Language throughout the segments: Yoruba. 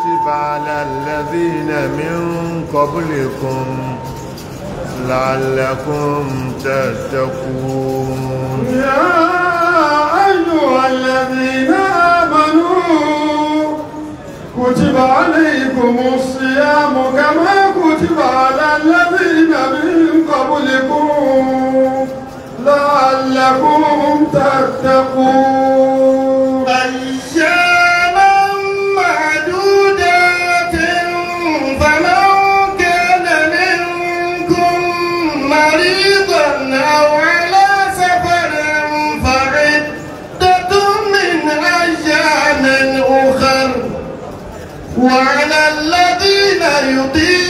كتب على الذين من قبلكم لعلكم تتقون يا أيها الذين آمنوا كتب عليكم الصيام كما كتب على الذين من قبلكم لعلكم تتقون وعلى الذين يطيعون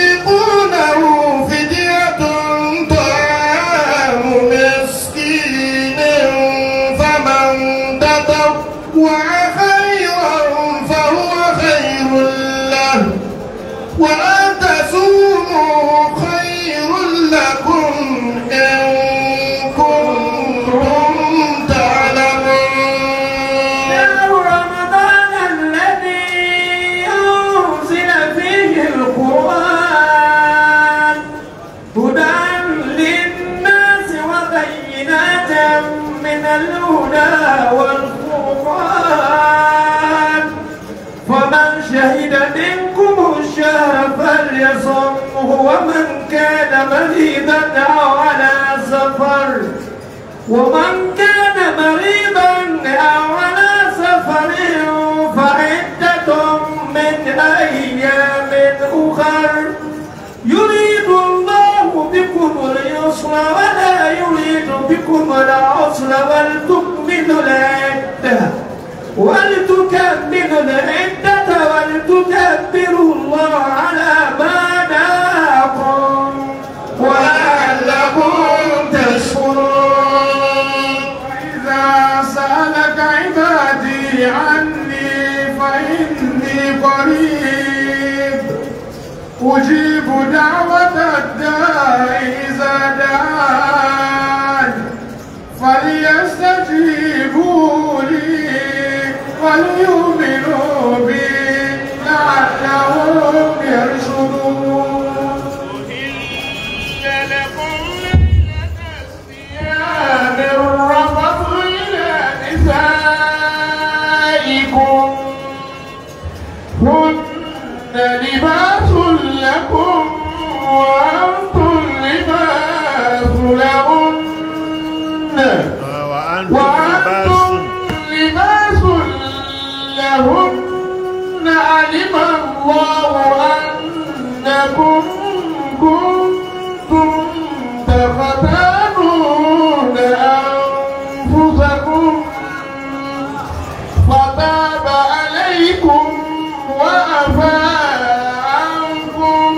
الشهر فليصمه ومن كان مريضا أو على سفر ومن كان مريضا أو على سفر فعدة من أيام أخر يريد الله بكم اليسر ولا يريد بكم العسر ولتكملوا العدة ولتكبرن العدة ولتكبروا الله على ما هداكم ولعلكم تشكرون وإذا سألك عبادي عني فإني قريب أجيب دعوة الداء إذا دعان فليستجيب one الله أنكم كنتم تختانون أنفسكم فتاب عليكم وعفى عنكم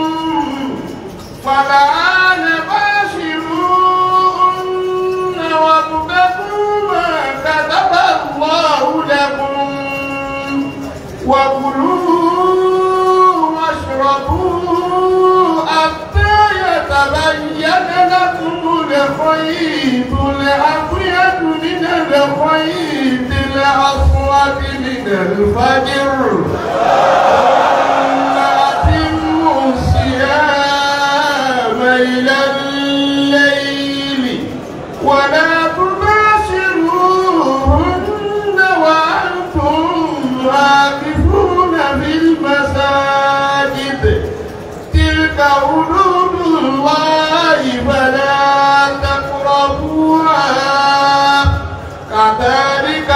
فالآن باشروهن وابتغوا ما كتب الله لكم وكلوا تقربوا حتى يتبين لكم الخيط الأبيض من الخيط الأسود من الفجر حدود الله فلا تقربوها كذلك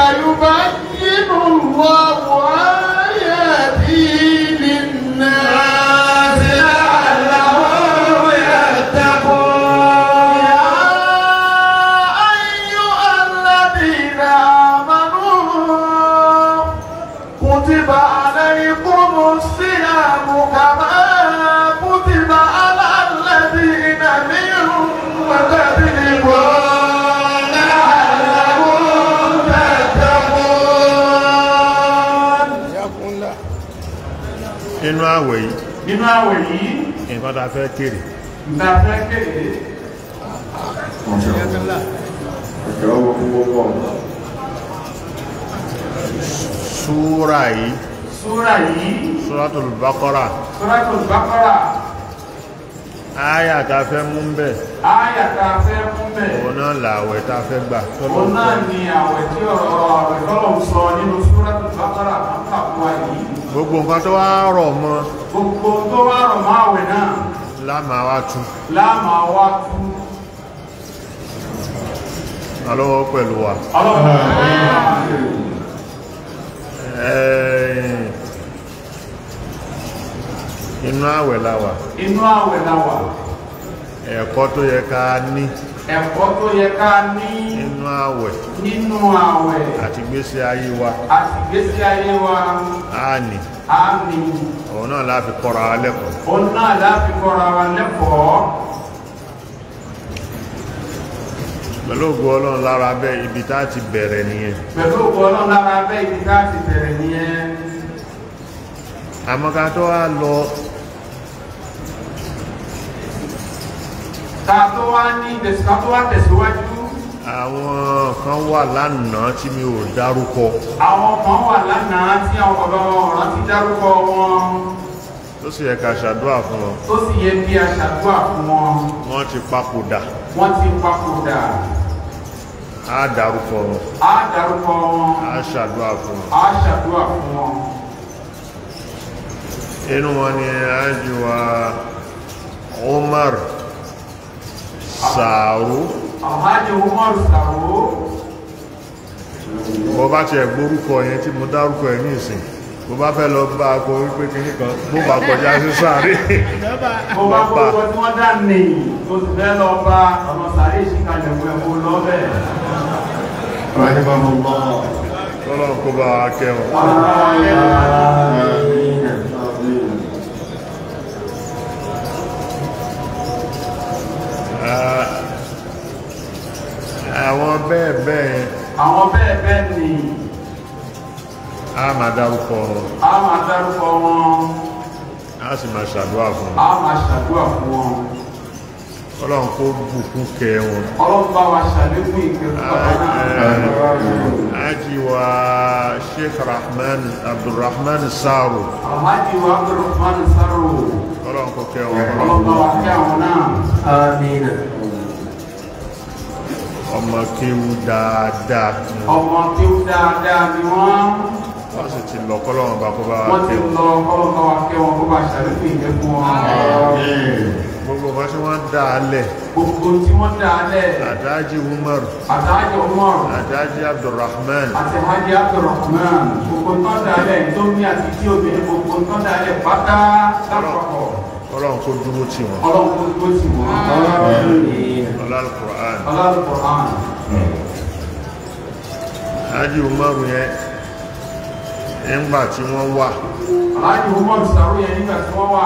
يبين الله àwẹ̀ yìí nínú àwẹ̀ yìí nǹkan tá a fẹ́ kéde tá a fẹ́ kéde súra yìí súra yìí súratul baqara súratul baqara Aya ta fẹ́ mú ń bẹ̀. Aya ta fẹ́ mú ń bẹ̀. Òun náà là àwẹ̀ ta fẹ́ gbà. Òun náà ni àwẹ̀ tí ọ̀rọ̀ àwẹ̀ tọ́lọ̀ sọ nínú Súratul Baqara máa ń kà fún wa yìí gbogbo nǹkan tó wá rọ̀ mọ́ gbogbo tó wá rọ̀ mọ́ àwẹ̀ náà láàmà wá tú láàmà wá tú alọ́wọ́ pẹ̀lú wa inú àwẹ̀ la wà inú àwẹ̀ la wà ẹ̀kọ́ tó yẹ ká ní ẹ̀kọ́ tó yẹ ká ní nínú àwẹ̀ nínú àwẹ̀ àti gbésí ayé wa àti gbésí ayé wa àní àní òun náà láàfi kọ́ra wa lẹ́kọ̀ọ́ òun náà láàfi kọ́ra wa lẹ́kọ̀ọ́ pẹ̀lú ògùn ọlọ́run lára bẹ́ ibi tá ti bẹ̀rẹ̀ nìyẹn pẹ̀lú ògùn ọlọ́run lára bẹ́ ibi tá ti bẹ̀rẹ̀ nìyẹn àmọ́ ká tó wá lọ ká tó wá ní ká tó wá tẹ̀síwájú. àwọn kan wà lánàá tí mi ò dárúkọ. àwọn kan wà lánàá tí àwọn bàbá wọn ọ̀rọ̀ ti dárúkọ wọn. tó sì yẹ ká ṣàdúrà fún wọn. tó sì yẹ kí a ṣàdúrà fún wọn. wọ́n ti papòdà. wọ́n ti papòdà a dárúkọ wọn. a dárúkọ wọn. a ṣàdúrà fún wọn. a ṣàdúrà fún wọn. inú wọn ni ajiwa Umar sàárò bó bá tiẹ̀ gbórúkọ yẹn tí mo dárúkọ ẹ̀ ní ìsìn bó bá fẹ́ lọ bá a kọ wípé kínní kan bó bá kọjá sí sáré. bó bá kọjá tí wọ́n dá nìyí tó ti fẹ́ lọ bá ọ̀nà sáré ìṣìkalẹ̀ fún ẹ̀kọ́ lọ́bẹ̀. ọlọ́run kó bá wa kẹ́ wọn. àwọn bẹ́ẹ̀ bẹ́ẹ̀ àwọn bẹ́ẹ̀ bẹ́ẹ̀ ni a máa dárúkọ a máa dárúkọ wọn a sì máa ṣàdúrà fún wọn a máa ṣàdúrà fún wọn ọlọ́run kó bùkún kẹ wọn ọlọ́run bá wa ṣàlékún ìkẹrù bàbá náà ajiwa sheikh rahman abdulrahman saro ajiwa abdulrahman saro ọlọ́run kò kẹ́ wọn ọlọ́run kò kẹ́ wọn náà ọmọ kéwú dáadáa ọmọ kéwú dáadáa ni wọ́n wọ́n sì ti lọ kọ́lọ́run bá kó bá wá kẹ́ wọn wọ́n ti lọ kọ́lọ́run bá wá kẹ́ wọn kó bá ṣàlùfẹ́ ìjẹ́ fún wọn gbogbo kan tí wọ́n dá alẹ̀ gbogbo tí wọ́n dá alẹ̀ àdájí umar àdájí umar àdájí abdulrahman àti hajji abdulrahman gbogbo tán dá alẹ̀ tó ní àti kí obìnrin gbogbo tán dá alẹ̀ pátá lápapọ̀ ọlọ́run kó dúró tì wọ́n ọlọ́run kó dúró tì wọ́n ọlọ́run Qur'an ọlọ́run Qur'an Alhaji Umaru yẹn nígbà tí wọ́n wà Alhaji Umaru sàrú yẹn nígbà tí wọ́n wà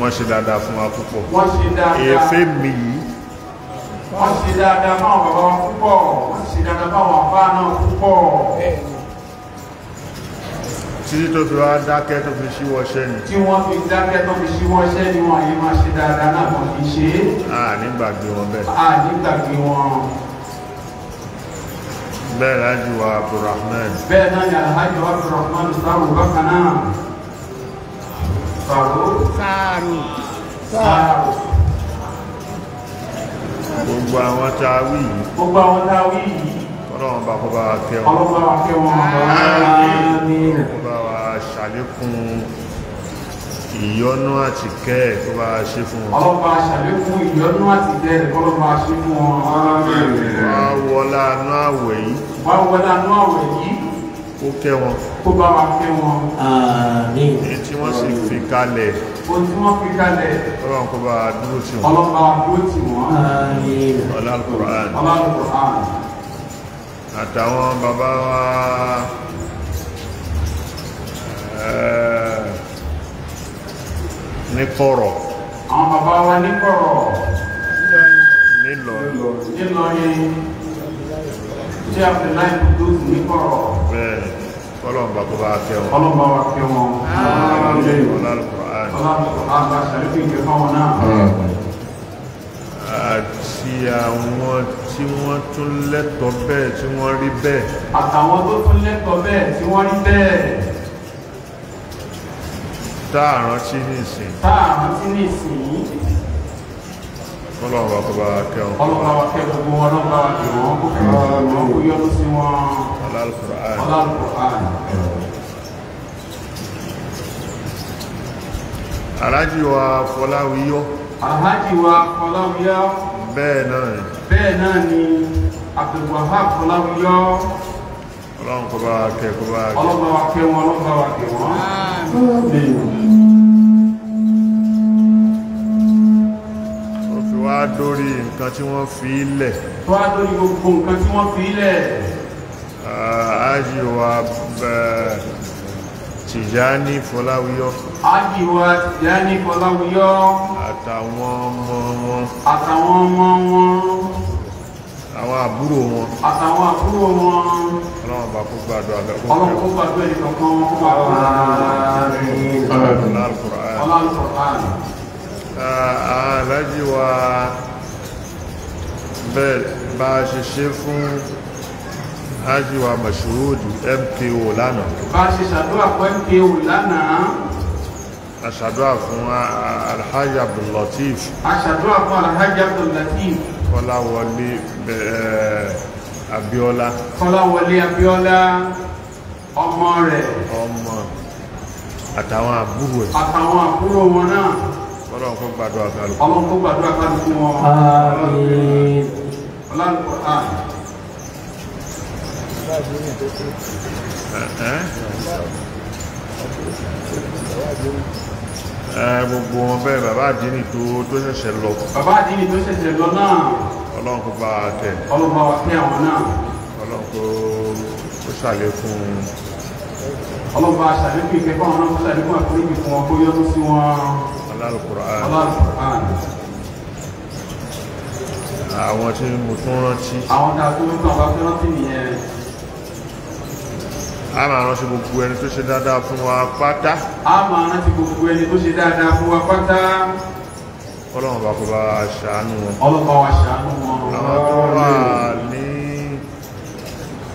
wọ́n ṣe dáadáa fún wa púpọ̀ wọ́n ṣe dáadáa èéfé mi yìí wọ́n ṣe dáadáa fún àwọn bàbá púpọ̀ wọ́n ṣe dáadáa fún àwọn àbá náà púpọ̀ títí tó fi wá dákẹ́ tó fi ṣíwọ́ ṣẹ́ ni tí wọ́n fi dákẹ́ tó fi ṣíwọ́ ṣẹ́ ni wọ́n yìí máa ṣe dáadáa náà kan fi ṣe é nígbàgbé wọn bẹ́ẹ̀ nígbàgbé wọn bẹ́ẹ̀ lájú wa Abdulrahman bẹ́ẹ̀ náà ni alhaji wa Abdulrahman sáàrù bákan náà sáàrù sáàrù sáàrù gbogbo àwọn tá a wí yìí gbogbo àwọn tá a wí yìí ọlọ́run bá kọ́ bá kẹ́ wọn ọlọ́run bá kẹ́ wọn ọlọ́run bá kẹ́ wọn ṣàlékún ìyọ́nú àti kẹ́ ẹ̀ kó bá ṣe fún wọn. ọlọ́pàá ṣàlékún ìyọ́nú àti kẹ́ ẹ̀ kó bá ṣe fún wọn. wá wọlá anú àwẹ̀ yìí. wá wọlá anú àwẹ̀ yìí. ó kẹ́ wọn. kó bá wa kẹ́ wọn. àmín. èyí tí wọ́n sì fi kalẹ̀. ohun tí wọ́n fi kalẹ̀. ọlọ́run kó bá dúró tì wọ́n. ọlọ́pàá dúró tì wọ́n. àmín. ọlá Al-Qur'an. ọlá Al-Qur'an. àtàwọn bàbá wa ní kọ̀rọ̀. àwọn bàbá wa ní kọ̀rọ̀. nílọrin. nílọrin tí abdullahi kudus ní kọ̀rọ̀. bẹ́ẹ̀ kọlọmba kó bá kẹ wọn. kọlọmba wa kẹ wọn. ọlọ́run àṣàlùkù ìjọba wọn náà. àti àwọn tí wọ́n tún lẹ́tọ̀ọ́ bẹ́ẹ̀ tí wọ́n rí bẹ́ẹ̀. àtàwọn tó tún lẹ́tọ̀ọ́ bẹ́ẹ̀ tí wọ́n rí bẹ́ẹ̀ táàrántí ní ìsìn táàrántí ní ìsìn yìí ọlọ́wọ́ tó bá kẹwọn ọlọ́wọ́ wa kẹ gbogbo wọn lọ́gbà ìwọ̀n kò fẹ́ wọn kò yọ́nú sí wọn ọlọ́lùkùrán alájì wa fọláwíyọ́ alájì wa fọláwíyọ́ bẹ́ẹ̀ náà ni Abdul Wahab fọláwíyọ́ ọlọ́run kó bá kẹ́ kó bá kẹ́ wọn fi wá dórí nǹkan tí wọ́n fi lẹ̀. tó wá dórí gbogbo nǹkan tí wọ́n fi lẹ̀. àjíwá tìjáni fọláwíyọ́. àjíwá tìjáni fọláwíyọ́. àtàwọn ọmọ wọn. àtàwọn ọmọ wọn àwọn àbúrò wọn àtàwọn àbúrò wọn ọlọ́run bá kó gbàdúrà bẹ́ẹ̀ ọlọ́run kó gbàdúrà yìí kankan kó wà wá ọlọ́run kọ̀ọ̀án aláàjì wa bẹ́ẹ̀ bá a ṣe ṣe fún aláàjì wa mọ̀ṣúròdù MKO lánàá bá a ṣe ṣàdúrà fún MKO lánàá aṣàdúrà fún alhaji fún alhaji Latif Kọ́láwọlé eh, Abíọ́lá. Kọ́láwọlé Abíọ́lá ọmọ rẹ̀. Ọmọ àtàwọn àbúrò ẹ̀. Àtàwọn àbúrò wọn náà. Ọlọ́run kó gbàdúrà kálukú. Ọlọ́run kó gbàdúrà kálukú wọn. Ọlọ́run kó àmín ẹ̀ eh, eh? gbogbo wọn bẹ́ẹ̀ bàbá àdínì tó ṣẹ̀ṣẹ̀ lọ bàbá àdínì tó ṣẹ̀ṣẹ̀ lọ náà ọlọ́run kó bá a tẹ̀ ọlọ́run bá wa tẹ̀ àwọn náà ọlọ́run kó ṣàlékún ọlọ́run bá a ṣàlékún ìkẹ́kọ̀ọ́ àwọn náà kó ṣàlékún àforíjì fún wọn kó yọ́nú sí wọn Al-Qur'an Al-Qur'an àwọn tí mo tún rántí àwọn tí a tún rántí nìyẹn a máa rántí gbogbo ẹni tó ṣe dáadáa fún wa pátá. a máa rántí gbogbo ẹni tó ṣe dáadáa fún wa pátá. ọlọ́run bá kó bá a ṣàánú wọn. ọlọ́run bá wa ṣàánú wọn. àwọn tó wà ní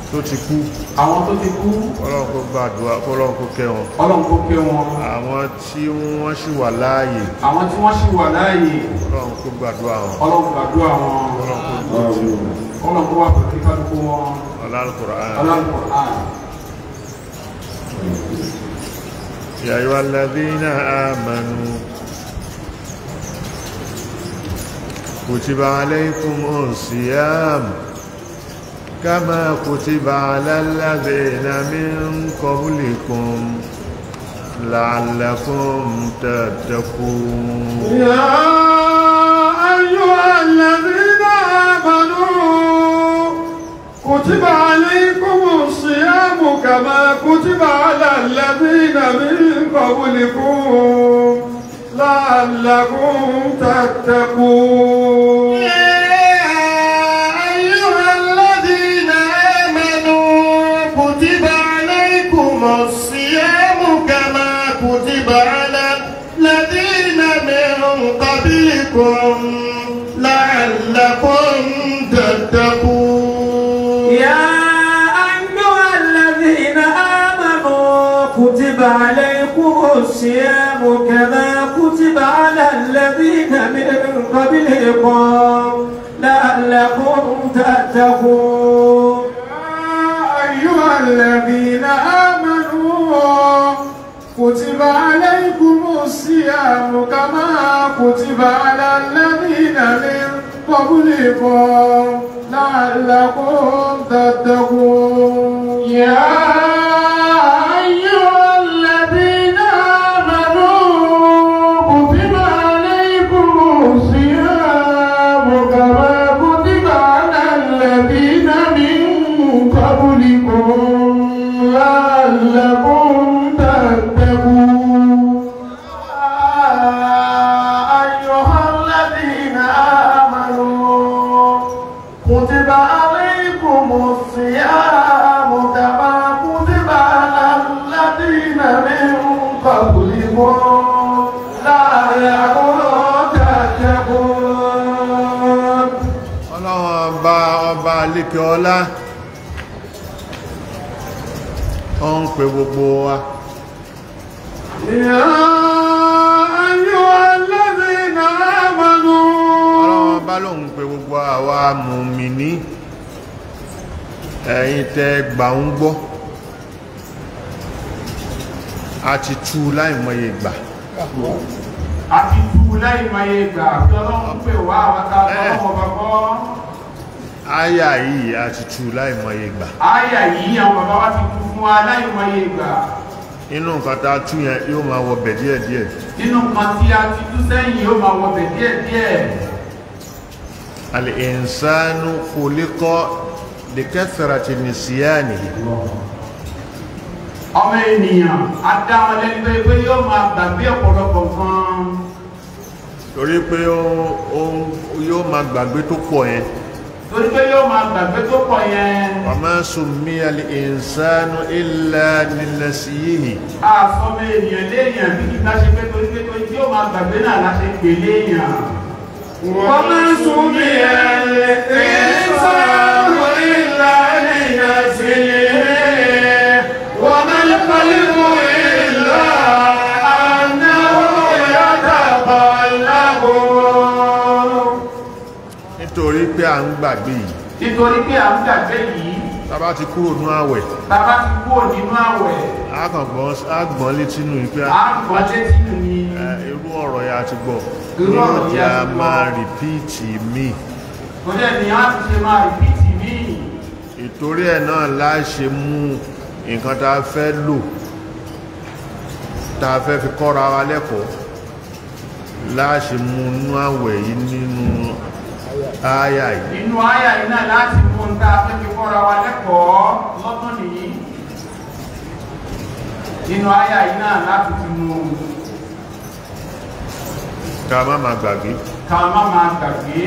tó ti kú. àwọn tó ti kú. ọlọ́run kó gbàdúrà ọlọ́run kó kẹ́ wọn. ọlọ́run kó kẹ́ wọn. àwọn tí wọ́n ṣì wà láàyè. àwọn tí wọ́n ṣì wà láàyè. ọlọ́run kó gbàdúrà wọn. ọlọ́run gbàdúrà wọn. ọlọ́run kó gbàdúrà wọn. ọlọ́run kó wà pẹ̀lú kíkálukú wọn. ọlọ́run kó wà pẹ̀lú kíkálukú wọn. يا أيها الذين آمنوا كتب عليكم الصيام كما كتب على الذين من قبلكم لعلكم تتقون يا أيها الذين آمنوا كتب عليكم الصيام كما كتب على الذين من قولكم لعلكم تتقون قبلكم لعلكم تأتقون يا أيها الذين آمنوا كتب عليكم الصيام كما كتب على الذين من قبلكم لعلكم تتقون يا lékè ọlá ọ ń pè gbogbo wa ọlọ́wọ́ bá lóun pè gbogbo àwa mùmìní ẹ̀yin tẹ́ gbà ń gbọ́ a ti tú láìmọye ìgbà a ti tú láìmọye ìgbà tọ́lọ́wọ́ pè wá àwọn ta tọ́lọ́wọ́ bàbá Aya yìí a ti tú láìmọye ìgbà. Aya yìí àwọn bàbá wa ti kú fún wa láìmọye ìgbà. Inú nǹkan tá a tú yẹn yóò máa wọ bẹ̀ díẹ̀ díẹ̀. Inú nǹkan tí a ti tú sẹ́yìn yóò máa wọ bẹ̀ díẹ̀ díẹ̀. Al-insanu khuliqa li kathrati nisyanihi. Ọmọ ènìyàn, a dá wọn lẹ́nu pé pé yóò máa gbàgbé ọ̀pọ̀lọpọ̀ nǹkan. Torí pé yóò máa gbàgbé tó pọ̀ yẹn torí pé yóò máa gbàgbé tó pọ̀ yẹn. wa ma summiya al-insanu illa linasiyihi. àfọmọ ènìyàn léèyàn bí kí n bá pé torí pé torí yóò máa gbàgbé náà láti pè léèyàn. wa ma summiya al-insanu illa linasiyihi wa ma al-qalbu illa. à ń gbàgbé yìí. nítorí pé à ń gbàgbé yìí. tába ti kúrò nínú àwẹ̀. tába ti kúrò nínú àwẹ̀. a kàn gbọ́n a gbọ́n létí nù yìí pé. a gbọ́n létí nù ni. irú ọ̀rọ̀ yẹn a ti gbọ́. irú ọ̀rọ̀ yẹn a ti gbọ́. ní ọjà máa rìpíìtì míì. kò dẹ̀ ní a ti ṣe máa rìpíìtì míì. ìtorí ẹ̀ náà láṣẹ mú nǹkan tá a fẹ́ lò tá a fẹ́ fi kọ́ra wa lẹ́kọ̀ọ́ láṣẹ mú nú àwẹ̀ yìí nínú ááyà yìí inú ááyà yìí náà láti mú un tá a fẹ́ fi kọ́ra wa lẹ́kọ̀ọ́ lọ́dún nìyí inú ááyà yìí náà láti fi mú un ká má máa gbàgbé ká má máa gbàgbé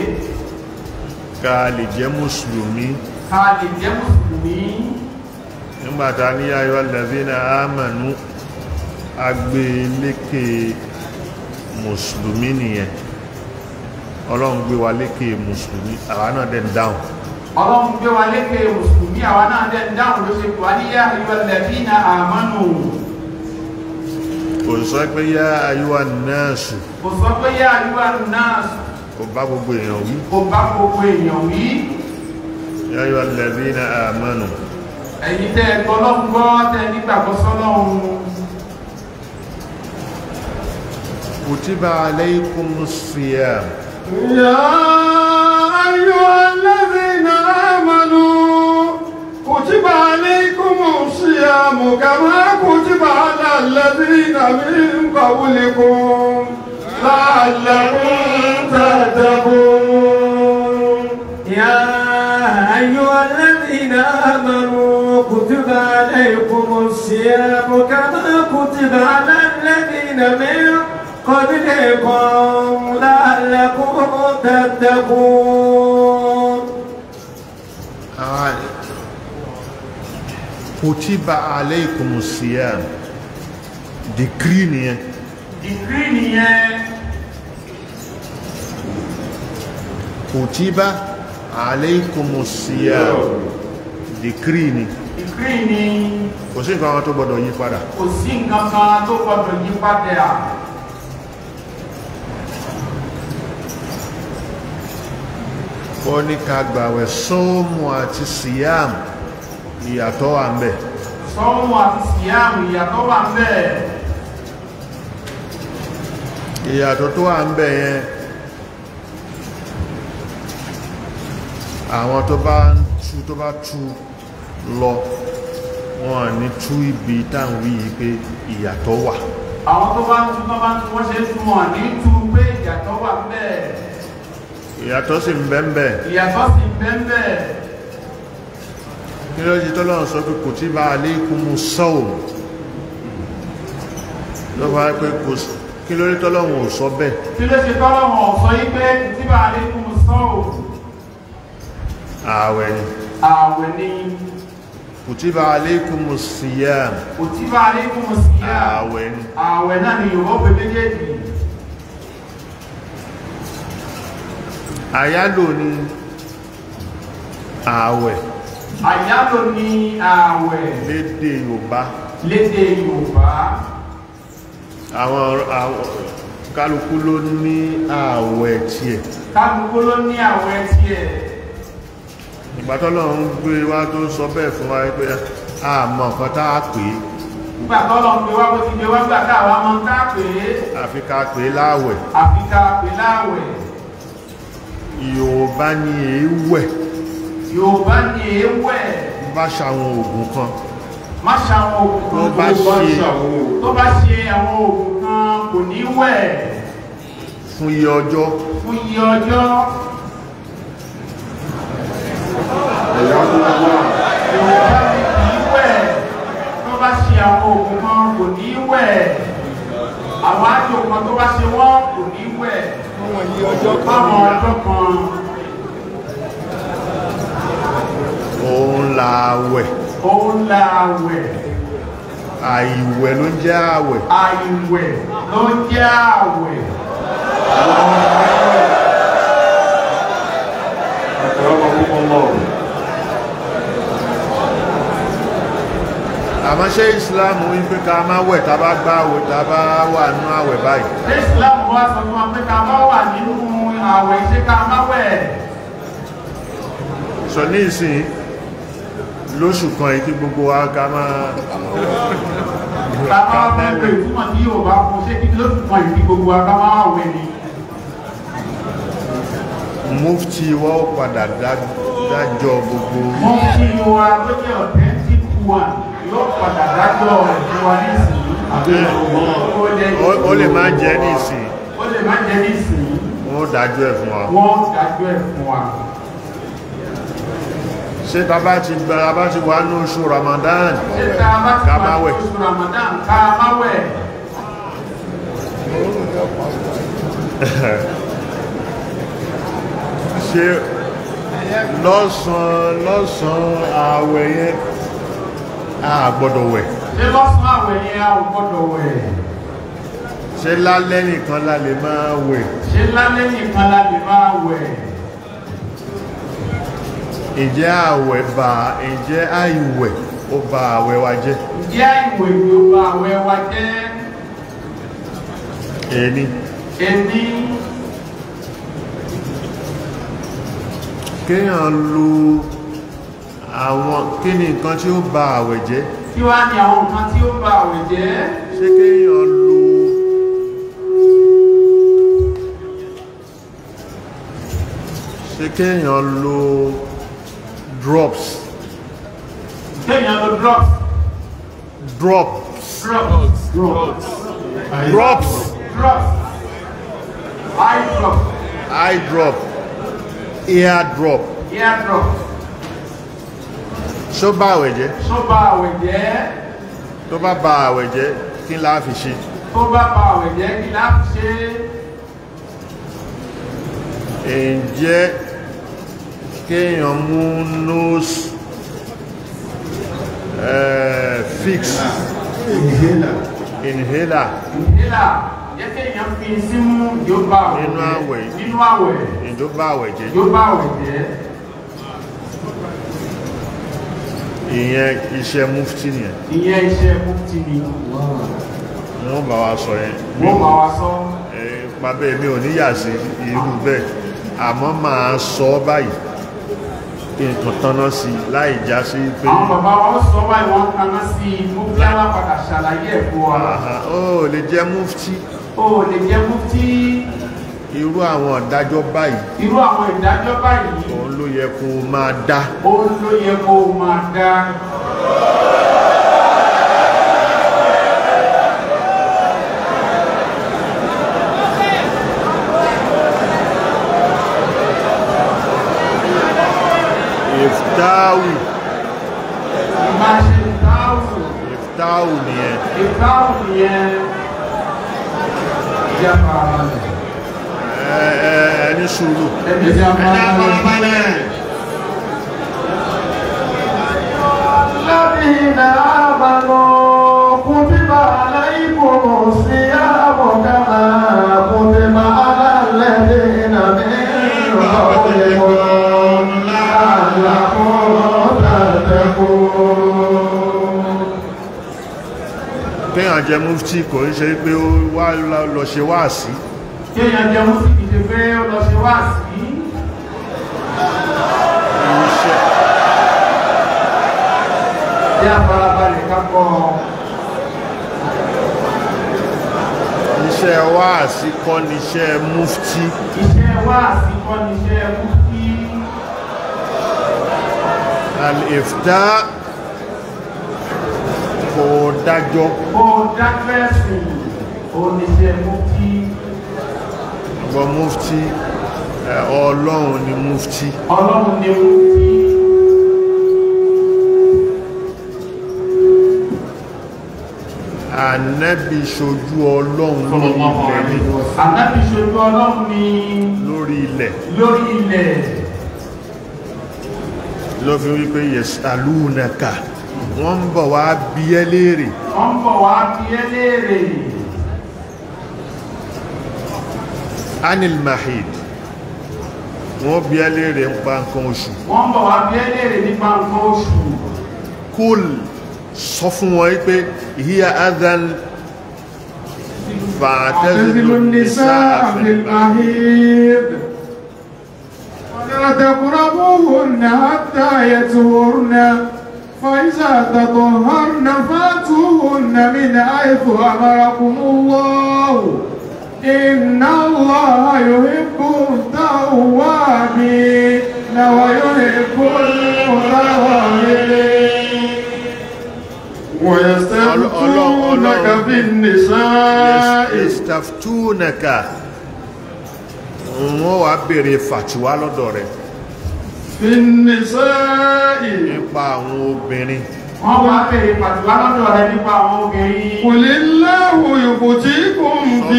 ká lè jẹ́ mùsùlùmí ká lè jẹ́ mùsùlùmí nígbàtà ní ayọ́ lẹ́bínà ámànú agbélékè e mùsùlùmí nìyẹn ọlọ́run gbé wa lékè mùsùlùmí àwa náà dẹ̀ ń dáhùn ọlọ́run gbé wa lékè mùsùlùmí àwa náà dẹ̀ ń dáhùn ló ṣe wà ní yá ayúwẹ̀lẹ̀ bí na àmánù kò sọ pé yá ayúwà náàsù kò sọ pé yá ayúwà náàsù kò bá gbogbo èèyàn wí kò bá gbogbo èèyàn wí yá ayúwẹ̀lẹ̀ bí na àmánù ẹ̀yin tẹ́ gbọ́lọ́gbọ́ tẹ́ nígbàgbọ́ sọ́lọ́run kutiba alaykum siyam يا أيها الذين آمنوا كتب عليكم الصيام كما كتب على الذين من قبلكم لعلكم تهتدون يا أيها الذين آمنوا كتب عليكم الصيام كما كتب على الذين من قبلكم لعلكم تتقون kutiba aleikum siyam dikiri nìyẹn. dikiri nìyẹn. kutiba aleikum siyam dikiri ni. dikiri ni. kò sí nǹkan kan tó gbọdọ̀ yí padà. kò sí nǹkan ó ní ká gbàwẹ̀ sóòmù àti síyàm ìyàtọ̀ wà ń bẹ̀. sóòmù àti síyàm ìyàtọ̀ wà ń bẹ̀. ìyàtọ̀ tó wà ń bẹ̀ yẹn àwọn tó bá ń tú tó bá tú lọ wọn ní tú ibi táwọn wí yìí pé ìyàtọ̀ wà. àwọn tó bá ń tú tó bá ń tú wọ́n ṣe é tú wọn ní tú pé ìyàtọ̀ wà ń bẹ̀ ìyàtọ̀ sì ń bẹ́ńbẹ́ ìyàtọ̀ sì ń bẹ́ńbẹ́ kí ló jí tọ́lọ́run sọ pé kutiba alaykumu sawm ló fà á pé kò kí ló rí tọ́lọ́run ò sọ bẹ́ẹ̀ kí ló ṣe tọ́lọ́run ò sọ yí pé kutiba alaykumu sawm ààwẹ̀ ni ààwẹ̀ ni kutiba alaykumu siyam kutiba alaykumu siyam ààwẹ̀ ni ààwẹ̀ náà ni yòówó pé méjèèjì àyálò ni ààwẹ̀ àyálò ni ààwẹ̀ lédè Yorùbá lédè Yorùbá àwọn kálukú ló ní ààwẹ̀ tiẹ̀ kálukú ló ní ààwẹ̀ tiẹ̀ ìgbàtọ́lọ̀ ń gbé wá tó sọ bẹ́ẹ̀ fún wa pé àmọ́ nǹkan tá a pè é nígbà ń gbé wá bó ti gbé wá gbà tá àwa mọ́ tá a pè é àfi ká pè é láàwẹ̀ àfi ká pè é láàwẹ̀ Yorùbá ní ewé Yorùbá ní ewé bá ṣàwọn oògùn kan má ṣàwọn oògùn kan tó bá ṣe àwọn oògùn kan kò ní wẹ̀ fún iye ọjọ́ fún iye ọjọ́ ẹ̀yà gbogbo Yorùbá ní kì í wẹ̀ tó bá ṣe àwọn oògùn kan kò ní wẹ̀ àwọn àjò kan tó bá ṣe wọ́n kò ní wẹ̀ níwọ̀n yí ọjọ́ kan. Báwọn ọjọ́ kan. Òun la àwẹ̀. Òun la àwẹ̀. Àìwẹ̀ ló jẹ́ àwẹ̀. Àìwẹ̀ ló jẹ́ àwẹ̀. Àwọn ọmọ ẹgbẹ́. Àtàwọn ọmọ ọmọ ọmọ ọ̀rọ̀. àmọ́ ṣé islam wí pé ká má wẹ̀ tá bá gbá àwẹ̀ tá bá wà nínú àwẹ̀ báyìí. islam wá sọ fún wa pé ká má wà nínú àwẹ̀ ṣé ká má wẹ̀. sọ ní ìsìn lóṣù kan yìí kí gbogbo wa ká máa. ká máa fẹ́ pé ìtumọ̀ ní yorùbá fún ṣé kí lóṣù kan yìí kí gbogbo wa ká máa wẹ̀ ni. mufti wọ́n padà dájọ́ gbogbo. mufti wa ló jẹ́ ọ̀tẹ́ntì wa yóò padà dájọ́ ìfún wa ní ìsìn ó lè má jẹ́ ní ìsìn ó lè má jẹ́ ní ìsìn wọ́n dájọ́ ẹ̀ fún wa wọ́n dájọ́ ẹ̀ fún wa ṣe ta bá ti gbára bá ti wà ní oṣù Ramadan ká máa wẹ̀ ṣe lọ́sàn lọ́sàn-án a gbọ́dọ̀ wẹ̀ ṣe lọ́sàn àwẹ̀ yẹn a ò gbọ́dọ̀ wẹ̀ ṣe lálẹ́ nìkan la lè máa wẹ̀ ṣe lálẹ́ nìkan la lè máa wẹ̀ ǹjẹ́ àwẹ̀ bá ǹjẹ́ àìwẹ̀ ó bà àwẹ̀ wa jẹ́ ǹjẹ́ àìwẹ̀ ni ó bà àwẹ̀ wa jẹ́ ẹni ẹni kéèyàn lo àwọn kí ni nǹkan tí ó bà àwẹ̀ jẹ́ kí wá ní àwọn nǹkan tí ó bà àwẹ̀ jẹ́ ṣé kéèyàn lo ṣé kéèyàn lo drops kéèyàn lo drops drops drops drops drops drops eye drop eye drop ear drop ear drop ṣó bá àwẹ̀ jẹ́ ṣó bá àwẹ̀ jẹ́ tó bá ba àwẹ̀ jẹ́ kí n láà fi ṣe tó bá ba àwẹ̀ jẹ́ kí n láà fi ṣe ǹjẹ́ kéèyàn mú nose eh, fix inhaler inhaler inhaler jẹ́ kéèyàn fi símú yóò bá àwẹ̀ jẹ́ nínú àwẹ̀ ìjọba àwẹ̀ jẹ́ ìyẹn iṣẹ́ mufti nìyẹn ìyẹn iṣẹ́ mufti ni wọ́n bá wa sọ yẹn wọ́n bá wa sọ pàbẹ́ mi ò níyà sí irú bẹ́ẹ̀ àmọ́ máa sọ báyìí nǹkan tanná sí láì já sí pé àwọn bàbá wa sọ báyìí wọ́n tanná sí mufti alápàdà ṣàlàyé ẹ̀kọ́ wa ó lè jẹ́ mufti ó lè jẹ́ mufti irú àwọn ìdájọ́ báyìí irú àwọn ìdájọ́ báyìí òun ló yẹ kó o máa dá òun ló yẹ kó o máa dá ìftáwù ìftáwù nìyẹn ìftáwù nìyẹn jẹ́ pa sùúrù. ẹ̀dá farabalẹ̀. lábìnrin àbàlọ̀ kún bí bá aláìkò sí àbọ̀ká kún bí bá alálẹ́dẹ̀ nàbí ìrọ̀lẹ́ wọn àlàkùn tàbẹ̀kùn kéèyàn jẹ mufti kò ń ṣe pé ó wá lọ ṣe wáàsí. kéèyàn jẹ mufti kì í ṣe pé ó lọ wá sí. Bí afarabalẹ̀ ká kọ́ iṣẹ́ wáàsí kọ́ níṣẹ́ mufti. Iṣẹ́ wáàsí kọ́ níṣẹ́ mufti. Al-Ifta kò dájọ́. Kò dájọ́ ẹ̀sìn oníṣẹ́ mufti. Gbọ́ mufti ọlọ́run ni mufti ọlọ́run ni mufti ànábì ṣojú ọlọ́run ní ilẹ̀ ni ànábì ṣojú ọlọ́run ní lórí ilẹ̀ lórí ilẹ̀ ló fi wípé yẹ̀sàlúùnàkà wọ́n ń bọ̀ wá bi ẹ́ léèrè wọ́n ń bọ̀ wá bi ẹ́ léèrè anil mahid wọ́n bi ẹ́ léèrè nípa nǹkan oṣù. wọ́n bọ̀ wá bi ẹ́ léèrè nípa nǹkan oṣù. kúl sọ fún wọn pé ìhíyà adhan fa'tazilu an-nisaa fil mahid. ولا تقربوهن حتى يطهرن فإذا تطهرن فأتوهن من حيث أمركم الله إن الله يحب الأوابين ويحب المتوابين ويستفتونك في النساء يستفتونك wọ́n wá béèrè fàtiwá lọ́dọ̀ rẹ̀. fi nìsáà. nípa àwọn obìnrin wọ́n wá bẹ̀rẹ̀ pàtìwá lọ́dọ̀ rẹ nípa àwọn obìnrin. kò lè láwò ìbò tí kò ń fi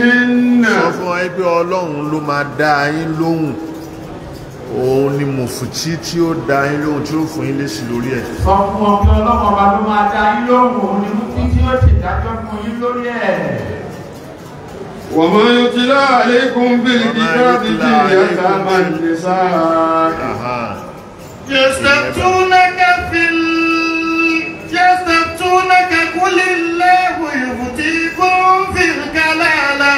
hinna. sọ fún ẹ pé ọlọ́run ló máa dá yín lóhùn òun ni mùfùtí tí ó dá yín lóhùn tí ó fún yín lésì lórí ẹ. sọ fún ọ pé ọlọ́run ọba ló máa dá yín lóhùn òun ni mùfùtí tí ó ṣèdájọ́ fún yín lórí ẹ. وما يتلى عليكم بالكتاب في يتامى النساء يستفتونك kúlí lẹ́wọ̀ ìlú tí kò fi kálá la.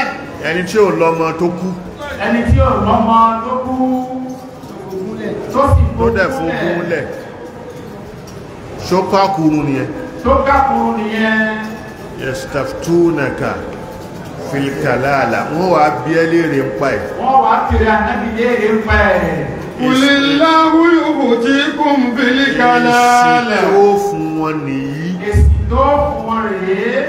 ẹni tí ò lọ́mọ tó kú. ẹni tí ò lọ́mọ tó kú tó sì fògún lẹ̀ ṣókà kúrú nìyẹn. ṣókà kúrú nìyẹn. yastaftunaka fil kalala wọ́n wá bí ẹ léèrè ń pa ẹ̀. wọ́n wá kiri ànábì léèrè ń pa ẹ̀. kùlìláwù yòówù tí kò ń fil kalala. èsì tí fún wọn nìyí. èsì tó fún wọn rèé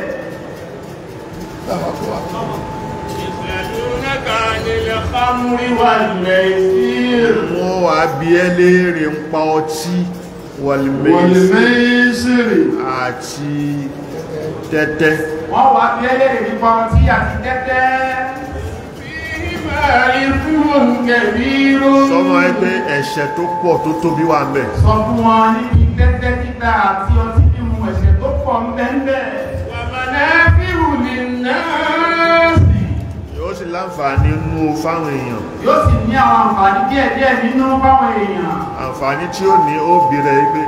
wọ́n wà bí ẹ léèrè ń pa ọtí wọ̀lùmẹ́sìrì àti tẹ́tẹ́ wọ́n wà bí ẹ léèrè ń pa ọtí àti tẹ́tẹ́ sọ́nà ẹgbẹ́ ẹ̀ṣẹ̀ tó pọ̀ tó tóbi wà ń bẹ̀ sọ fún wọn níbi tẹ́tẹ́ kíta àti ọtí pọ̀ mbẹ́mbẹ́ manafi'u linnasi. yóò sì láǹfààní nú fáwọn èèyàn. yóò sì ní àwọn àǹfààní díẹ̀díẹ̀ nínú fáwọn èèyàn. àǹfààní tí ó ní ó bì rẹ̀ pé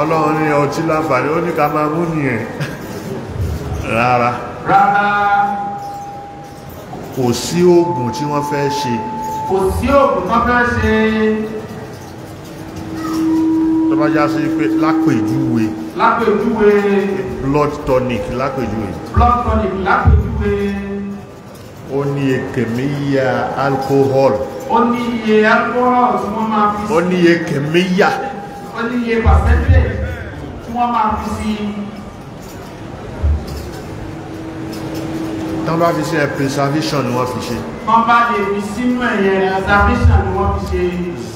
ọlọ́run ní ọtí láǹfààní ó ní ká máa mú nìyẹn rárá. rárá. kò sí oògùn tí wọ́n fẹ́ ṣe. kò sí oògùn tó fẹ́ ṣe. tó sí pé lápèjúwe lápèjúwe. blood tonic lápèjúwe. blood tonic lápèjúwe. ó ní kèmíyà alcohol. ó ní iye alcohol tí wọ́n máa fi sí. ó ní iye kèmíyà. ó ní iye pàṣẹ́jẹ̀ tí wọ́n máa fi sí. tán fi ṣe preservation ni wọ́n fi ṣe. wọ́n bá lè fi sínú ẹ̀yẹ preservation ni wọ́n fi ṣe.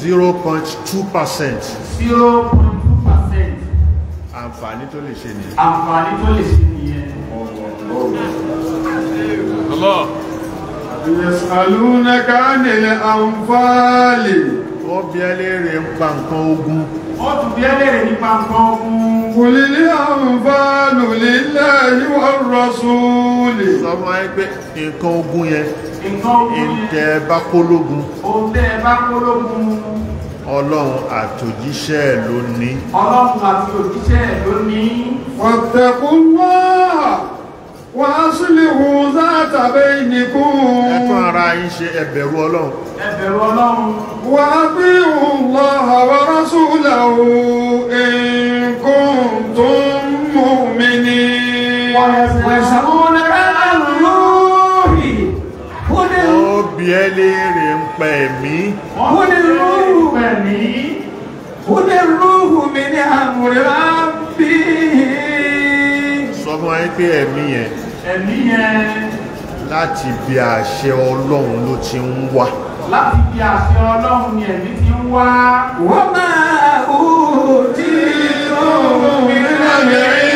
zero point two percent. zero point àǹfààní tó lè ṣe nìyẹn. àǹfààní tó lè ṣe nìyẹn. Allah. Àlúnaka nílẹ̀ àǹfààlì. Ó bi ẹ́ léèrè nípa nǹkan ogun. Ó tún bi ẹ́ léèrè nípa nǹkan ogun. Kùlì ní àǹfààlù lílẹ̀ yíwọ́ rọ̀súlì. Sọ fún nǹkan ogun yẹn. Nǹkan ogun yẹn. Ìtẹ̀ bá Ó tẹ̀ bá ọlọ́run àtòjíṣẹ́ ẹ̀ ló ní. ọlọ́run àtòjíṣẹ́ ẹ̀ ló ní. wattaqullah wa aslihu zata bainikum. ẹ tún ara yín ṣe ẹ bẹ̀rù ọlọ́run. ẹ bẹ̀rù ọlọ́run. wa ati'u Allaha wa rasulahu in kuntum mu'minin. wọ́n ẹ̀sìn ẹ̀sán ó lè rẹ́ lórí. ó bí ẹ léèrè ń pẹ̀ mí. ó lè قل الروح من أمر ربي sọ fún wa pé ẹ̀mí yẹn ẹ̀mí yẹn láti bí àṣẹ ọlọ́run ló ti ń wá láti bí àṣẹ ọlọ́run ni ẹ̀mí ti ń wá wọ́n máa hù tí lóhùn mi náà mẹ́rin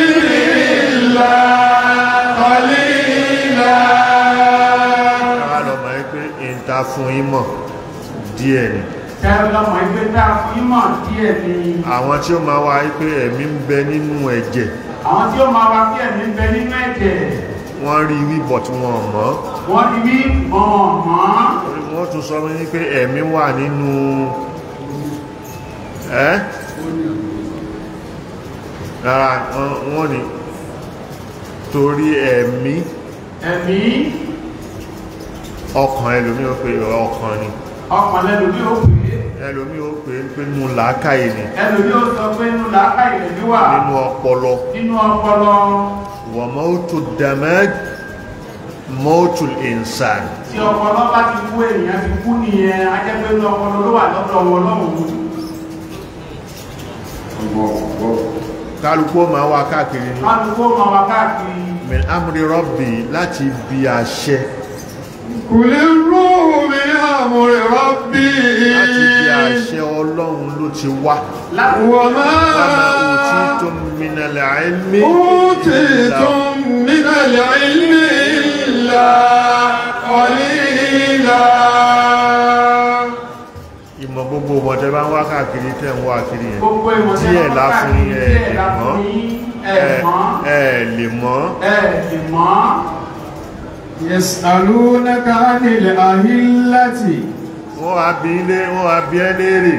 fún yín mọ̀ díẹ̀ ni àwọn tí ó máa wá pé ẹ̀mí ń bẹ nínú ẹ̀jẹ̀ àwọn tí ó máa wá pé ẹ̀mí ń bẹ nínú ẹ̀jẹ̀ wọ́n rí wíbọ̀ tí wọ́n mọ̀ wọ́n rí wíbọ̀ mọ́ wọ́n tún sọ ní pé ẹ̀mí wà nínú ẹ́ rárá wọ́n ni torí ẹ̀mí ọkàn ẹlòmí ó pé ọkàn ni ọkàn ẹlòmí ó pè ẹlòmí ó pè é pé nínú làákàyè ni ẹlòmí ó sọ pé nínú làákàyè ni wà nínú ọpọlọ nínú ọpọlọ wa mautu damaj mautu insan tí ọpọlọ bá ti kú ènìyàn ti kú nìyẹn ajẹ́pẹ́ ní ọpọlọ ló wà lọ́dọ̀ wọn lọ́wọ́ kálukú ma wá káàkiri kálukú ma wá káàkiri min amri rabbi láti bí àṣẹ kùlé rúhùn mi àmúrè rọ́bì. láti bí àṣẹ ọlọ́run ló ti wá. wọ́n máa ń minalẹ̀ àìmí. ó ti tún minalẹ̀ àìmí ìlà ọ̀lìlà. ìmọ̀ gbogbo ọmọdé bá ń wá káàkiri tẹ̀ ń wá kiri yẹn. gbogbo ìmọ̀dé bá ń wá káàkiri tẹ̀ ń wá kiri yẹn. díẹ̀ láfún yín ẹ̀ lè mọ́. ẹ̀ lè mọ́. ẹ̀ lè mọ́ yẹ̀sàlúnàkà nílẹ̀ àhílàtì wọ́n àbílé wọ́n àbíẹ́ léèrè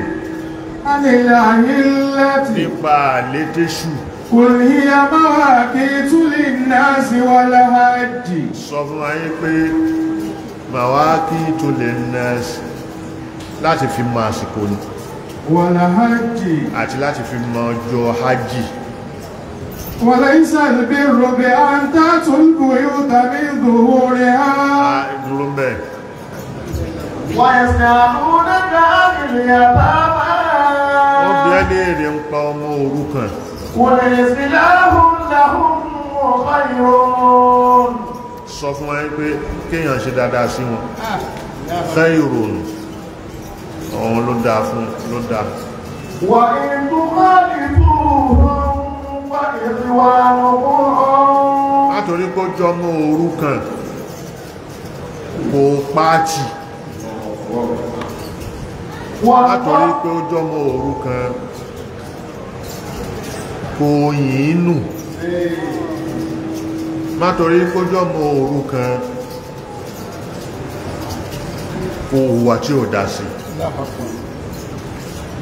nílẹ̀ àhílàtì nípa àlétéṣù kul hiya mawaqitu linnasi wal hajji sọ fún ayé pé mawaqitu linnasi láti fi mọ àsìkò ní wal hajji àti láti fi mọ وليس البر بأن تأتوا البيوت من ظهورها ويسألونك عن اليتامى wọ́n bí ẹni èrè sọ fún ẹ pé kéèyàn ṣe dáadáa sí wọn fẹ́ ọ̀hún ló dáa fún ló dáa wà ní látòrí kó jọmọ òrukàn kò pàtì látòrí pé ó jọmọ òrukàn kò yìn nù látòrí kó jọmọ kò hùwà tí ò dá sí i.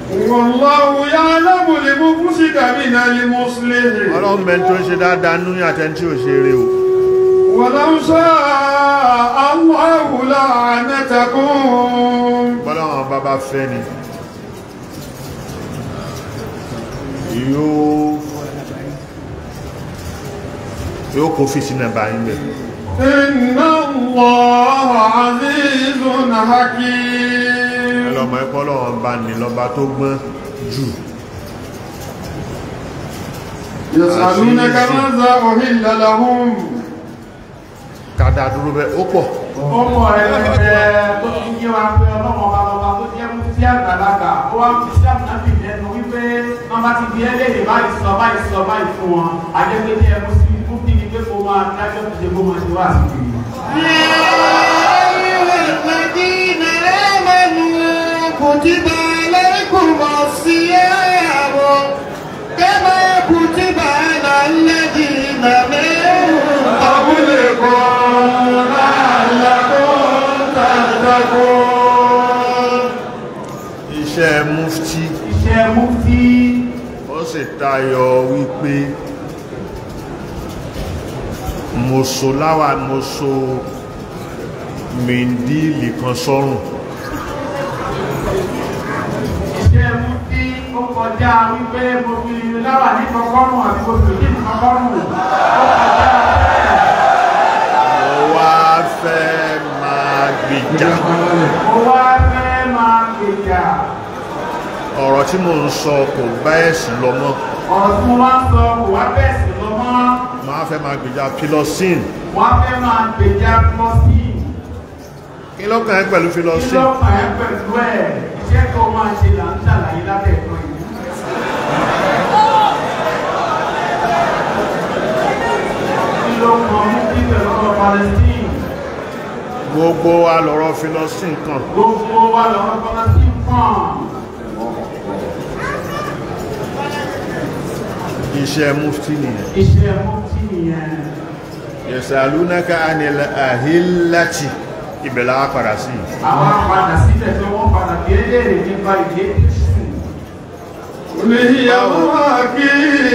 Wallahu ya'lamu al-mufsida min al-muslih. Ọlọ́run mẹ́ tó ń ṣe dáadáa nú àtẹ́ tí ò ṣe eré o. Walau sha'a Allahu la'anatakum. Bọ́lọ́run bàbá fẹ́ ni. Yóò kó fìtínà báyìí bẹ̀rẹ̀. إن الله عزيز حكيم ẹlọ́mọ ẹ̀kọ́lọ́ ọba ni lọ́ba tó gbọ́n jù يسألونك ماذا kàdà dúró bẹ́ ó pọ̀ ọmọ ẹ̀rẹ́ tó ti yé wa pé ọlọ́mọ ọba lọ́ba tó jẹ́ mú sí àgbàlagbà ó wá fi sí àgbàlagbà lẹ́nu wípé wọ́n bá ti di ẹlẹ́yìn báyìí sọ báyìí sọ báyìí fún wọn àjẹgbẹ́jẹ́ mú sí máa dájọ́ tó ṣe kó máa ṣe wá àsìkò yìí. كتب عليكم الصيام كما كتب على الذين من قبلكم لعلكم iṣẹ́ mufti iṣẹ́ mufti ó sì tayọ wípé mo so láwa mo so mìndíìlì kan sọ́rùn. ìjẹun tí ó kọjá wípé mo fi láwà ní kọkọ́rùn àti mo fi ní kọkọ́rùn ó mo wá fẹ́ máa gbèjà. mo wá fẹ́ máa gbèjà. ọ̀rọ̀ tí mo ń sọ kò bá ẹ̀sìn lọ mọ́. ọ̀rọ̀ tí mo wá ń sọ kò wá bẹ́ẹ̀ sí lọ mọ́ wọ́n á fẹ́ máa gbèjà philosophy. wọ́n á fẹ́ máa gbèjà philosophy. kí ló kàn ẹ́ pẹ̀lú philosophy. kí ló kàn ẹ́ pẹ̀lú ẹ̀ iṣẹ́ tó máa ṣe là ń ṣàlàyé lábẹ́ ẹ̀kọ́ yìí. kí ló kàn mú kí pẹ̀lú ọmọ Palestine. gbogbo wa lọ́rọ̀ philosophy kan. gbogbo wa lọ́rọ̀ Palestine kan. iṣẹ́ mufti nìyẹn. iṣẹ́ mufti yẹ̀sàlúnáka anil àhíláti ìbẹ̀lá padà sí àwọn padà sí tẹ̀tẹ̀ wọ́n padà kí é lè rí nípa ìdí oníyàwó àkí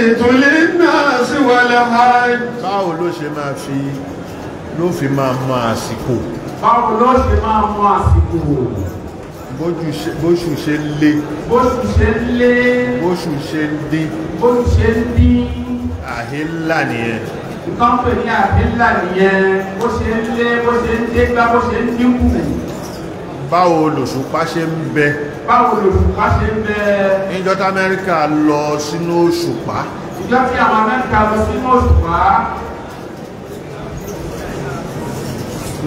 ìtòlé náà sí wà láàáì báwo ló ṣe máa fi ló fi máa mọ àsìkò bóṣù ṣe lé bóṣù ṣe lé bóṣù ṣe dín bóṣù ṣe dín àhílà nìyẹn ìtọ́npè ní àhílà nìyẹn bó ṣe ń lé bó ṣe ń dé gbá bó ṣe ń dínkù báwo lòṣùpá ṣe ń bẹ báwo lòṣùpá ṣe ń bẹ níjọ́ tí amẹ́ríkà lọ sínú òṣùpá ìjọ́ tí àwọn amẹ́ríkà lọ sínú òṣùpá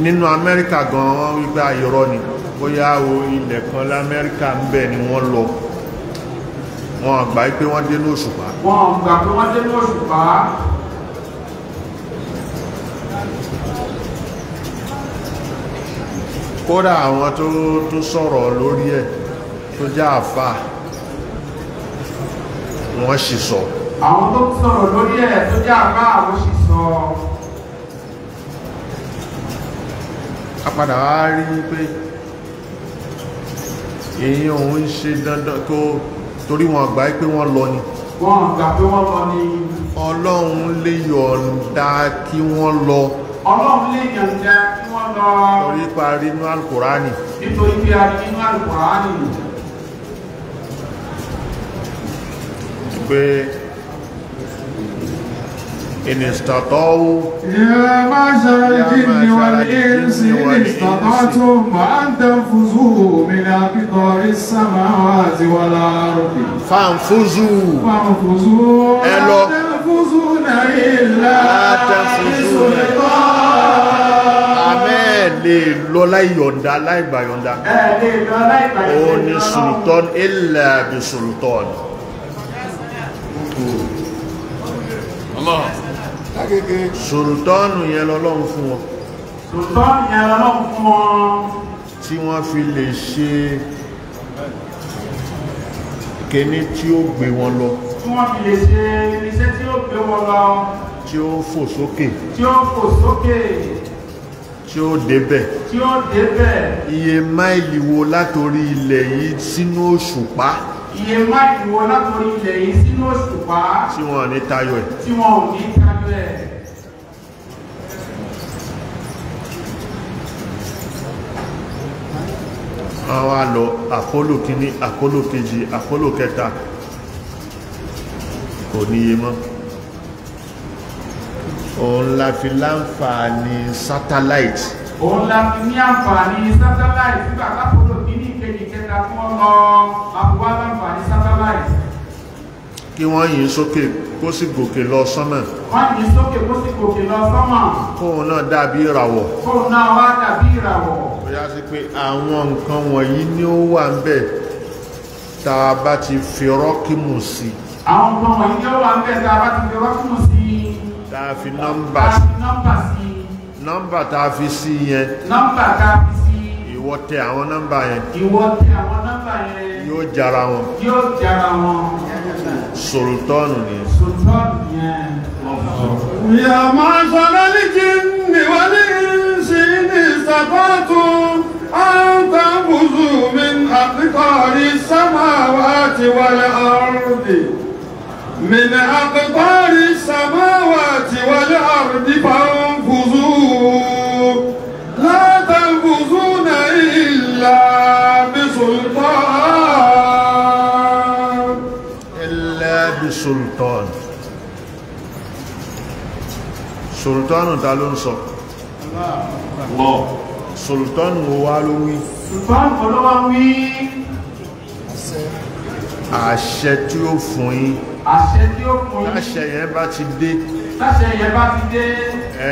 nínú amẹ́ríkà gan-an wípé ayọ̀rọ̀ ni bóyá ilẹ̀ kan lamẹ́ríkà ń bẹ ni wọ́n lọ wọn àgbà pé wọ́n dé ní òṣùpá. wọn àgbà pé wọ́n dé ní òṣùpá. kódà àwọn tó tó sọ̀rọ̀ lórí ẹ̀ tó jẹ́ àfà wọ́n sì sọ. àwọn tó sọ̀rọ̀ lórí ẹ̀ tó jẹ́ àfà wọ́n sì sọ. a padà wá rí i pé èyí òun ń ṣe dandan kó torí wọn gbà pé wọ́n lọ ni. wọ́n gbà pé wọ́n lọ ni. ọlọ́run lè yọ̀ǹda kí wọ́n lọ. ọlọ́run lè yọ̀ǹda kí wọ́n lọ. torí parí inú alukurani. nítorí pé a rí inú alukurani. pé. إن استطاعوا يا معشر والإنس إن استطعتم أن تنفذوا من أقطار السماوات والأرض فانفذوا فانفذوا لا تنفذون إلا بسلطان lè lọ láì yọ̀ǹda láì gbà yọ̀ǹda ó ní sultan ilẹ̀ àbí sultan lágége sòròtọ́ọ̀nù yẹn lọ́lọ́run fún wọn sòròtọ́ọ̀nù yẹn lọ́lọ́run wọn fi lè ṣe kíní tí ó gbé wọn lọ tí fi lè ṣe iṣẹ́ tí ó gbé wọn lọ tí ó fò sókè tí ó fò sókè tí ó débẹ̀ iye máìlì wo látorí ilẹ̀ yìí sínú òṣùpá ìyẹn má ìwọ látọrí ilẹ̀ yìí sínú òṣùpá tí wọn ò ní tayọ ẹ̀ tí wọn ò ní tayọ ẹ̀ àwọn àlọ́ àkólò kíní àkólò kejì àkólò kẹta kò níye mọ́ òun la fi láǹfààní satellite òun la fi ní àǹfààní satellite nígbà lápòlò kíní dáadáa kí wọ́n lọ sókè kó sì gòkè lọ sánmà. wọ́n náà dàbí ìràwọ̀. kóun sí pé àwọn nǹkan wọ̀nyí ni ó wà ń bẹ̀ tá a bá ti fi rọ́kìmù sí. àwọn nǹkan wọ̀nyí ni ó wà ń bẹ̀ tá a bá ti fi rọ́kìmù sí. tá a fi nọ́mbà sí. nọ́mbà tá a fi sí yẹn. nọ́mbà tá a fi sí ìwọ tẹ àwọn nọ́mbà yẹn ìwọ tẹ àwọn nọ́mbà yẹn yóò jara wọn yóò jara wọn sòròtọ́nù ni sòròtọ́nù ni. ya máa sọ̀rọ̀ ní kí ni wọ́n ní ṣe ní ìsàkóòtù àǹtà bùzù mi àfikọ́ rí sámáwá ti wọlé ọ̀rùndì من أقطار السماوات والأرض فانظر sultan sultan ta ló ń sọ sultan wo wá ló wí sultan kọ́ ló wá wí àṣẹ tí ó fún yín àṣẹ tí ó fún yín láṣẹ yẹn bá ti dé láṣẹ yẹn bá ti dé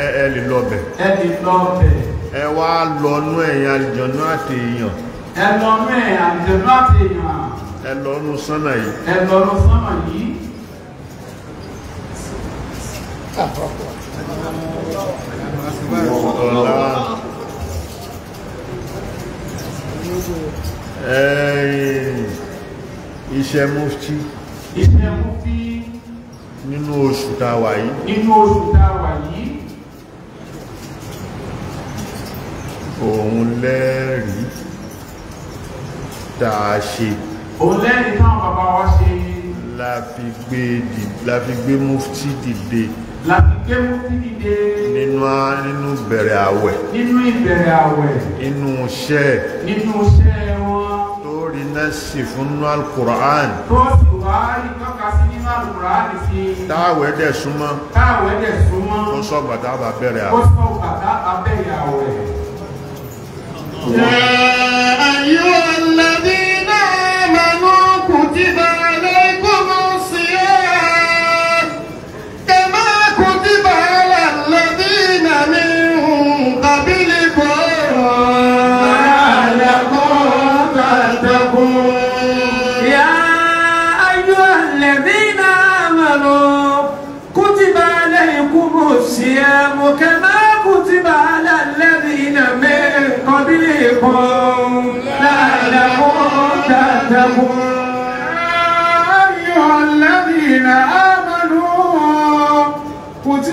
ẹ ẹ lè lọbẹ ẹ lè lọbẹ ẹ wá lọnú ẹ̀yìn àlìjọ̀nú àti èèyàn ẹ lọnú ẹ̀yìn àlìjọ̀nú àti èèyàn ẹ lọnú sánmà yìí ẹ lọnú sánmà yìí iṣẹ́ mufti iṣẹ́ mufti nínú oṣù tá a wà yìí nínú oṣù tá a wà yìí òun lẹ́rìí tá a ṣe òun lẹ́rìí táwọn bàbá wa ṣe la fi gbé mufti dìde láti ké mú sí dìde. nínú nínú bẹ̀rẹ̀ àwẹ̀. nínú ìbẹ̀rẹ̀ àwẹ̀. nínú iṣẹ́. nínú iṣẹ́ wọn. torí náà sì fún nínú alukur'an. tó sì wá ìtọ́ka sí nínú alukur'an sí. táwẹ̀ dẹ̀ súnmọ́. táwẹ̀ dẹ̀ súnmọ́. ó sọ bàtà bá bẹ̀rẹ̀ àwẹ̀. ó sọ bàtà bá bẹ̀rẹ̀ àwẹ̀. yẹ ayé wa.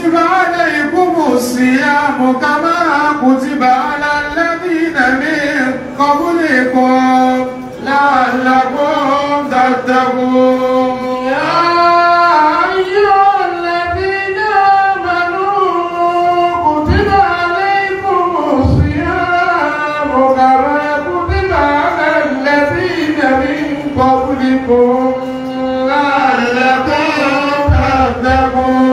كتب عليكم الصيام كما كتب على الذين من قبلكم لعلكم تتقون يا أيها الذين آمنوا كتب عليكم الصيام كما كتب على الذين من قبلكم لعلكم تتقون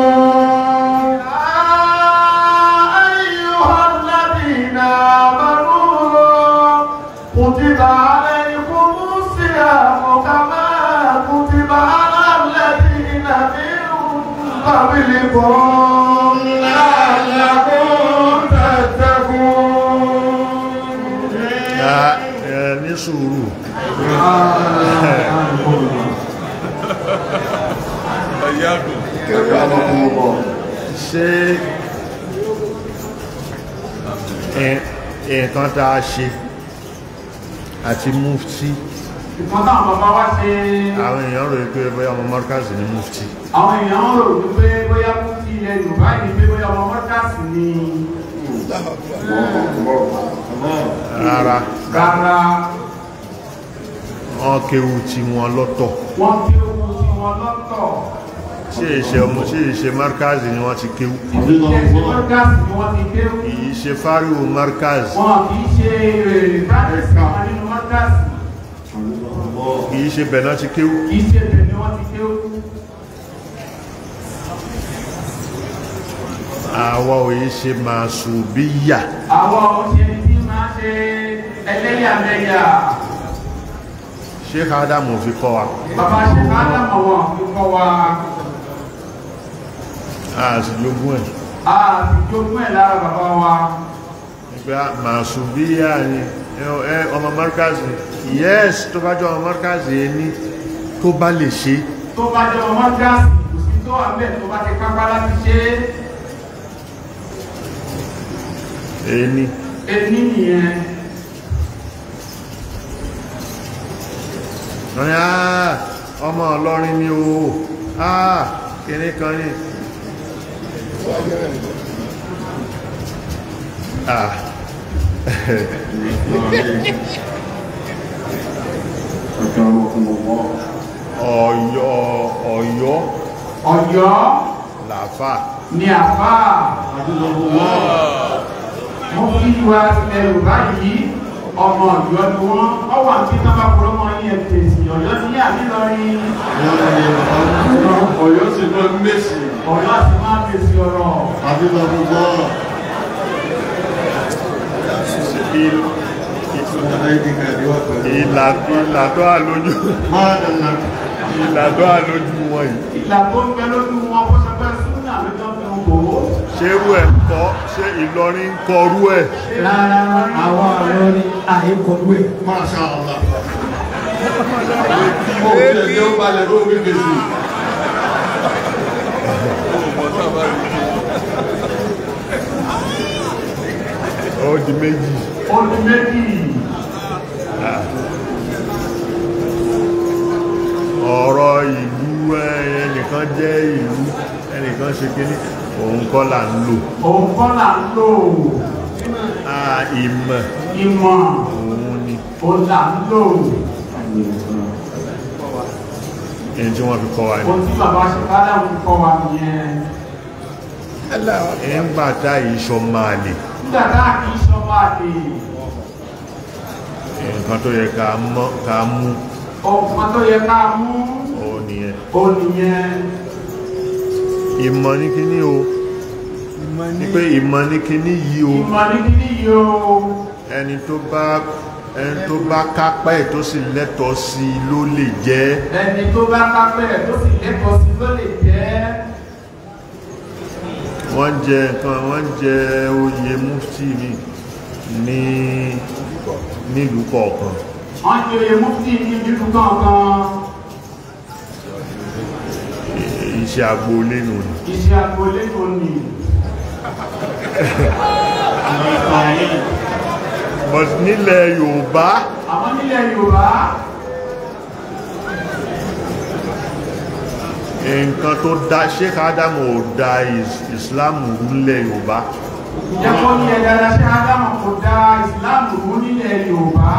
قبلكم لعلكم تتقون ní sùúrù ṣe nǹkan tá a ṣe àti mufti ìkan táwọn bàbá wá ṣe. àwọn èèyàn rò pé bóyá ọmọ mọ́rkásì ni mufti. àwọn èèyàn rò pé bóyá mufti ilẹ̀ yorùbá ni pé bóyá ọmọ mọ́rkásì ni. rárá rárá wọ́n kéwu tí wọ́n lọ́tọ̀. wọ́n kéwu tí wọ́n lọ́tọ̀ ṣe ìṣe ọmọ ṣe ìṣe markaz ni wọ́n ti kéwú kìí ṣe fáríwò markaz wọ́n kìí ṣe rẹ̀ kì í ṣe bẹ̀ẹ̀ náà ti kéwú. kì í ṣe bẹ̀ẹ̀ ni wọ́n ti kéwú. àwa ò yí ṣe máa sùn bí yà. àwa ò ṣe tí máa ṣe ẹlẹ́yàmẹ̀yà. Sheikh Adamu fi kọ́ wa. bàbá Sheikh Adamu wọn fi kọ́ wa. a jogún ẹ̀. a jogún ẹ̀ lára bàbá wa. nígbà màsùn yà ni ọmọ mọ́rkàzì yes tó bá jọ ọmọ mọ́rkàzì ẹni tó bá lè ṣe tó bá jọ ọmọ mọ́rkàzì kò sí tó àmẹ́ tó bá ti kápá láti ṣe ẹni ẹni nìyẹn lọ́yìn àà ọmọ ọlọ́rin ni o àà kan ní you Ọ̀yọ́ Ọ̀yọ́ Ọ̀yọ́ làfà ní àfà you are fi wá ẹrù báyìí ọmọ Ọ̀yọ́ ni wọ́n ọ wà tí tọ́ba kúrò mọ́ ní ẹ̀tẹ̀ sí Oh sí àbílọrin Ọ̀yọ́ sì máa ń mèsì Ọ̀yọ́ sì máa ń mèsì ọ̀rọ̀ àbílọrin gbọ́rọ̀ ìlà tó à lójú ìlà tó à lójú wọn yìí ìlà ń bẹ lójú wọn kó sọ súnà ló jọ fi ń bò ẹ̀ kọ́ ṣe Ìlọrin ń kọrú ẹ̀ rárá àwọn ọ̀rọ̀ ni àìkọrú ẹ̀ Masha Allah mo tẹ̀ lé ó balẹ̀ ló wí gbèsè ó di méjì ó di méjì. ọ̀rọ̀ ìlú ẹnìkan jẹ́ ìlú ẹnìkan ṣe kíní òun kọ́ là ń lò. òun kọ́ là ń lò. Ah, ìmọ̀. ìmọ̀. òun ni. ó là ń lò. ẹni tí wọ́n fi kọ́ wa ni. ohun tí bàbá ṣe bá dáhùn kọ́ wa nìyẹn. ẹ ń bàtà ìṣọ́ máa lè nígbà tá a kì í sọmọ àlèyé. nǹkan tó yẹ ká mú. nǹkan tó yẹ ká mú. ó nìyẹn. ó nìyẹn. ìmọ̀ ní kíní o ní pé ìmọ̀ ní kíní yìí o. ìmọ̀ ní kíní yìí o. ẹni tó bá ẹni tó bá kápẹ́ ẹ̀ tó sì lẹ́tọ̀ọ́ sí i ló lè jẹ́. ẹni tó bá kápẹ́ ẹ̀ tó sì lẹ́tọ̀ọ́ sí i ló lè jẹ́ wọ́n jẹ nǹkan wọ́n jẹ oyè mufti mi ní nílùú kọ̀ọ̀kan wọ́n jẹ oyè mufti ní nílùú kọ̀ọ̀kan iṣẹ́ agboolé nù ní iṣẹ́ agboolé nù ní but nílẹ̀ Yorùbá àwọn nílẹ̀ Yorùbá nǹkan tó dá Sheikh Adamu ò dá Islam nílẹ̀ Yorùbá ìjẹ́kọ́ ní ẹ̀dára Sheikh Adamu kò dá Islam nílẹ̀ Yorùbá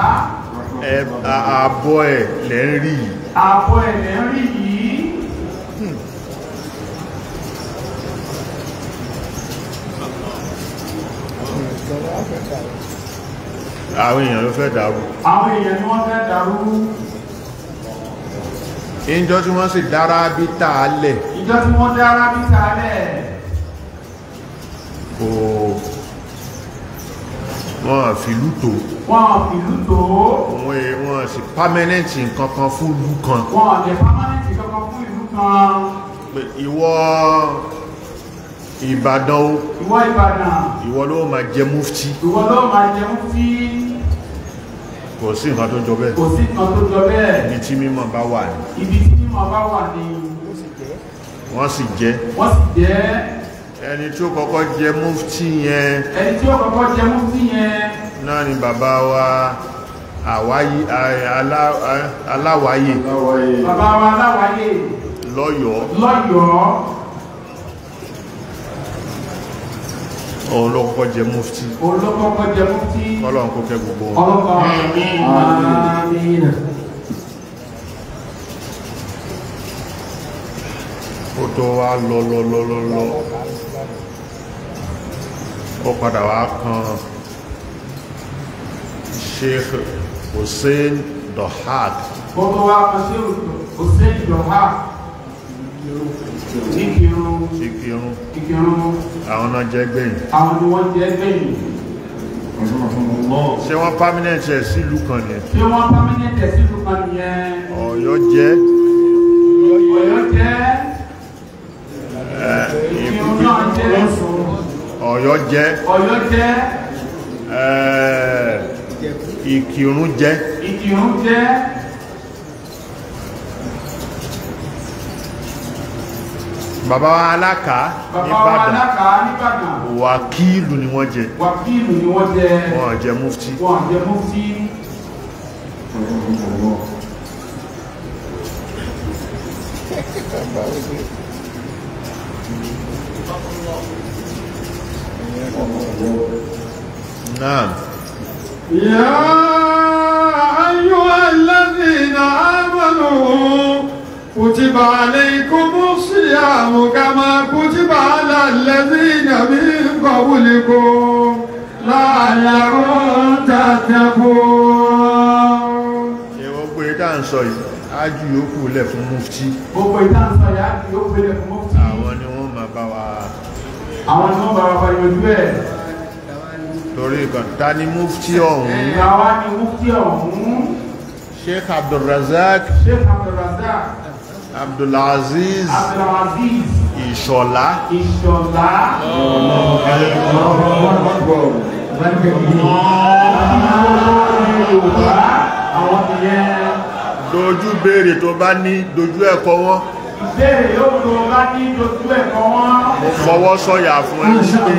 àbọ̀ ẹ̀ lẹ́ ń rí yìí àbọ̀ ẹ̀ lẹ́ ń rí yìí àwọn èèyàn ló fẹ́ dàrú àwọn èèyàn ni fẹ́ dàrú ìjọ tí wọ́n sì dára bí tààlẹ̀ ìjọ tí wọ́n dára bí tààlẹ̀ kò wọ́n fi lútò wọ́n fi lútò wọ́n sì pámẹ́nẹ́ntì kankan fún ìlú kan wọ́n sì pámẹ́nẹ́ntì kankan fún ìlú kan ìwọ ìbàdàn o ìwọ ìbàdàn ìwọ ló máa jẹ mufti ìwọ ló máa jẹ mufti kò sí nǹkan tó jọ bẹ́ẹ̀ kò sí nǹkan tó jọ bẹ́ẹ̀ ibi tí mímọ́ bá wà ní ibi tí mímọ́ bá wà ni wọ́n sì jẹ́ wọ́n sì jẹ́ ẹni tí ó kọ́kọ́ jẹ mufti yẹn ẹni tí ó kọ́kọ́ jẹ mufti yẹn náà ni bàbá wa àwáyé aláwáyé bàbá wa aláwáyé lọ́yọ̀ọ́ lọ́yọ̀ọ́ òun ló kọ́kọ́ jẹ mufti òun ló kọ́kọ́ jẹ mufti ọlọ́run kó kẹ́ gbogbo ọlọ́run àmín ó tó wá lọ ó padà wá kan sheikh hussein Dohad. ó tó wá kan sheikh hussein Dohad ìkírun ìkírun àwọn náà jẹ́ gbẹ̀yìn àwọn ni wọ́n jẹ́ gbẹ̀yìn ṣé wọ́n permanent ẹ̀ sílùú kan ni ṣé wọ́n permanent ẹ̀ sílùú kan ni ẹ ọ̀yọ́ jẹ́ ọ̀yọ́ jẹ́ ìkírun náà jẹ́ ọ̀yọ́ jẹ́ ọ̀yọ́ jẹ́ ìkírun jẹ́ ìkírun jẹ́. Baba wa alaka nìbàdàn wàkílù ni wọ́n jẹ wọ́n jẹ mufti نعم يا أيها الذين آمنوا kutiba عليكم siyamu kama kutiba على الذين من qablikum la'allakum tattaqun. ṣé wọ́n gbé dáhùn sọ yìí ájú yòókù lẹ̀ fún mufti. gbogbo ìdáhùn sọ yìí ájú yòókù lẹ̀ fún mufti. àwọn ni wọ́n máa bá wa. àwọn ni wọ́n bá wa fa ìwé bẹ́ẹ̀ torí kan ta ni mufti ọ̀hún ta wá ni mufti ọ̀hún sheikh abdulrazak sheikh abdulrazak Abdulaziz Abdulaziz Ìṣọ̀lá dojú béèrè tó bá ní dojú ẹ̀kọ́ wọn ìbéèrè yóò tó bá ní dojú ẹ̀kọ́ wọn mo fọwọ́ sọ̀yà fún ẹ pé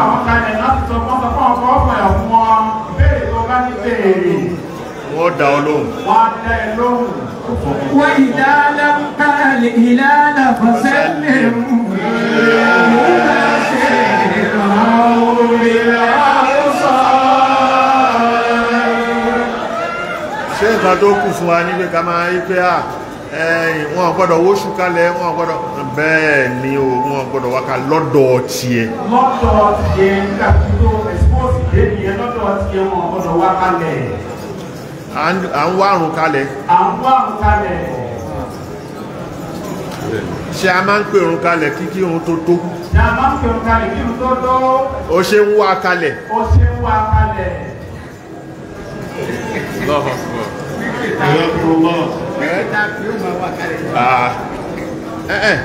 àwọn kalẹ̀ láti sọ fún ọkọ̀ ọkọ̀ ọ̀pọ̀ fún wọn ìbéèrè tó bá ní béèrè wọ́n dá ọ lóhùn wọ́n dá ẹ lóhùn وإذا لم تر الهلال فسلم ṣé tó kù fún wa ní pé ká máa yí pé à ẹ̀yìn wọn gbọ́dọ̀ wóṣù kalẹ̀ wọn gbọ́dọ̀ bẹ́ẹ̀ ni o wọn gbọ́dọ̀ wákà lọ́dọ̀ ọtí ẹ. lọ́dọ̀ ọtí ẹ nígbà tí ó ẹ̀sìpọ̀sì dé ẹ lọ́dọ̀ ọtí ẹ wọn gbọ́dọ̀ wákà lẹ̀ à ń wá àrùn kalẹ̀. à ń wá àrùn kalẹ̀. ṣé a máa ń pè irun kalẹ̀ kí kí irun tó tó. a máa ń pè irun kalẹ̀ kí o ṣe ń wá kalẹ̀. o ṣe ń wá kalẹ̀. lọ́wọ́ lọ́wọ́. ẹ̀ẹ́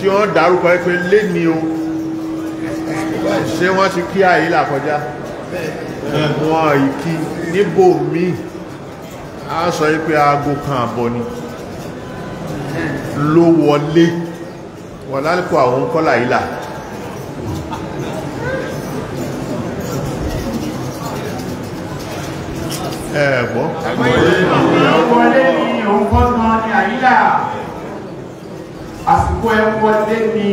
tí wọ́n dárúkọ ẹ lé ní o ṣé wọ́n ti kí àyílà kọjá wọ́n ìkí níbò míì a sọ pé aago kan àbọ̀ ni ló wọlé wà lálùkọ àwọn kọ́là ìlà ẹ̀gbọ́ wọlé ni òun kọ́gbọ́n ni àyílà àsìkò ẹ wọlé ni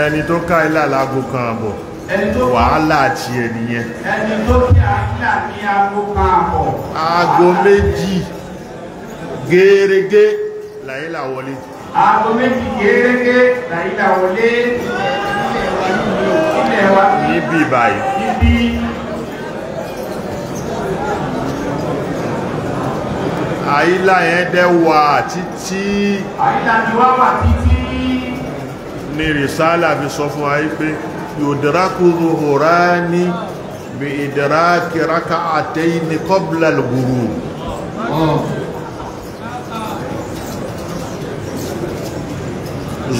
ẹni tó ká ìlà láago kan àbọ̀ wàhálà àti ẹnìyẹn. ẹni tó kí àkíyà ní aago kan àbọ̀. aago méjì gẹ́rẹ́gẹ́ làyílà wọlé. aago méjì gẹ́rẹ́gẹ́ làyílà wọlé. ilé wa níbí báyìí. níbí. àyílà yẹn dẹ́ wà títí. àyílà ni wá wà títí. ni rìsálà fi sọ fún wa yìí pé yudraku zuhurani bi idraki raka'ataini qabla al-ghurub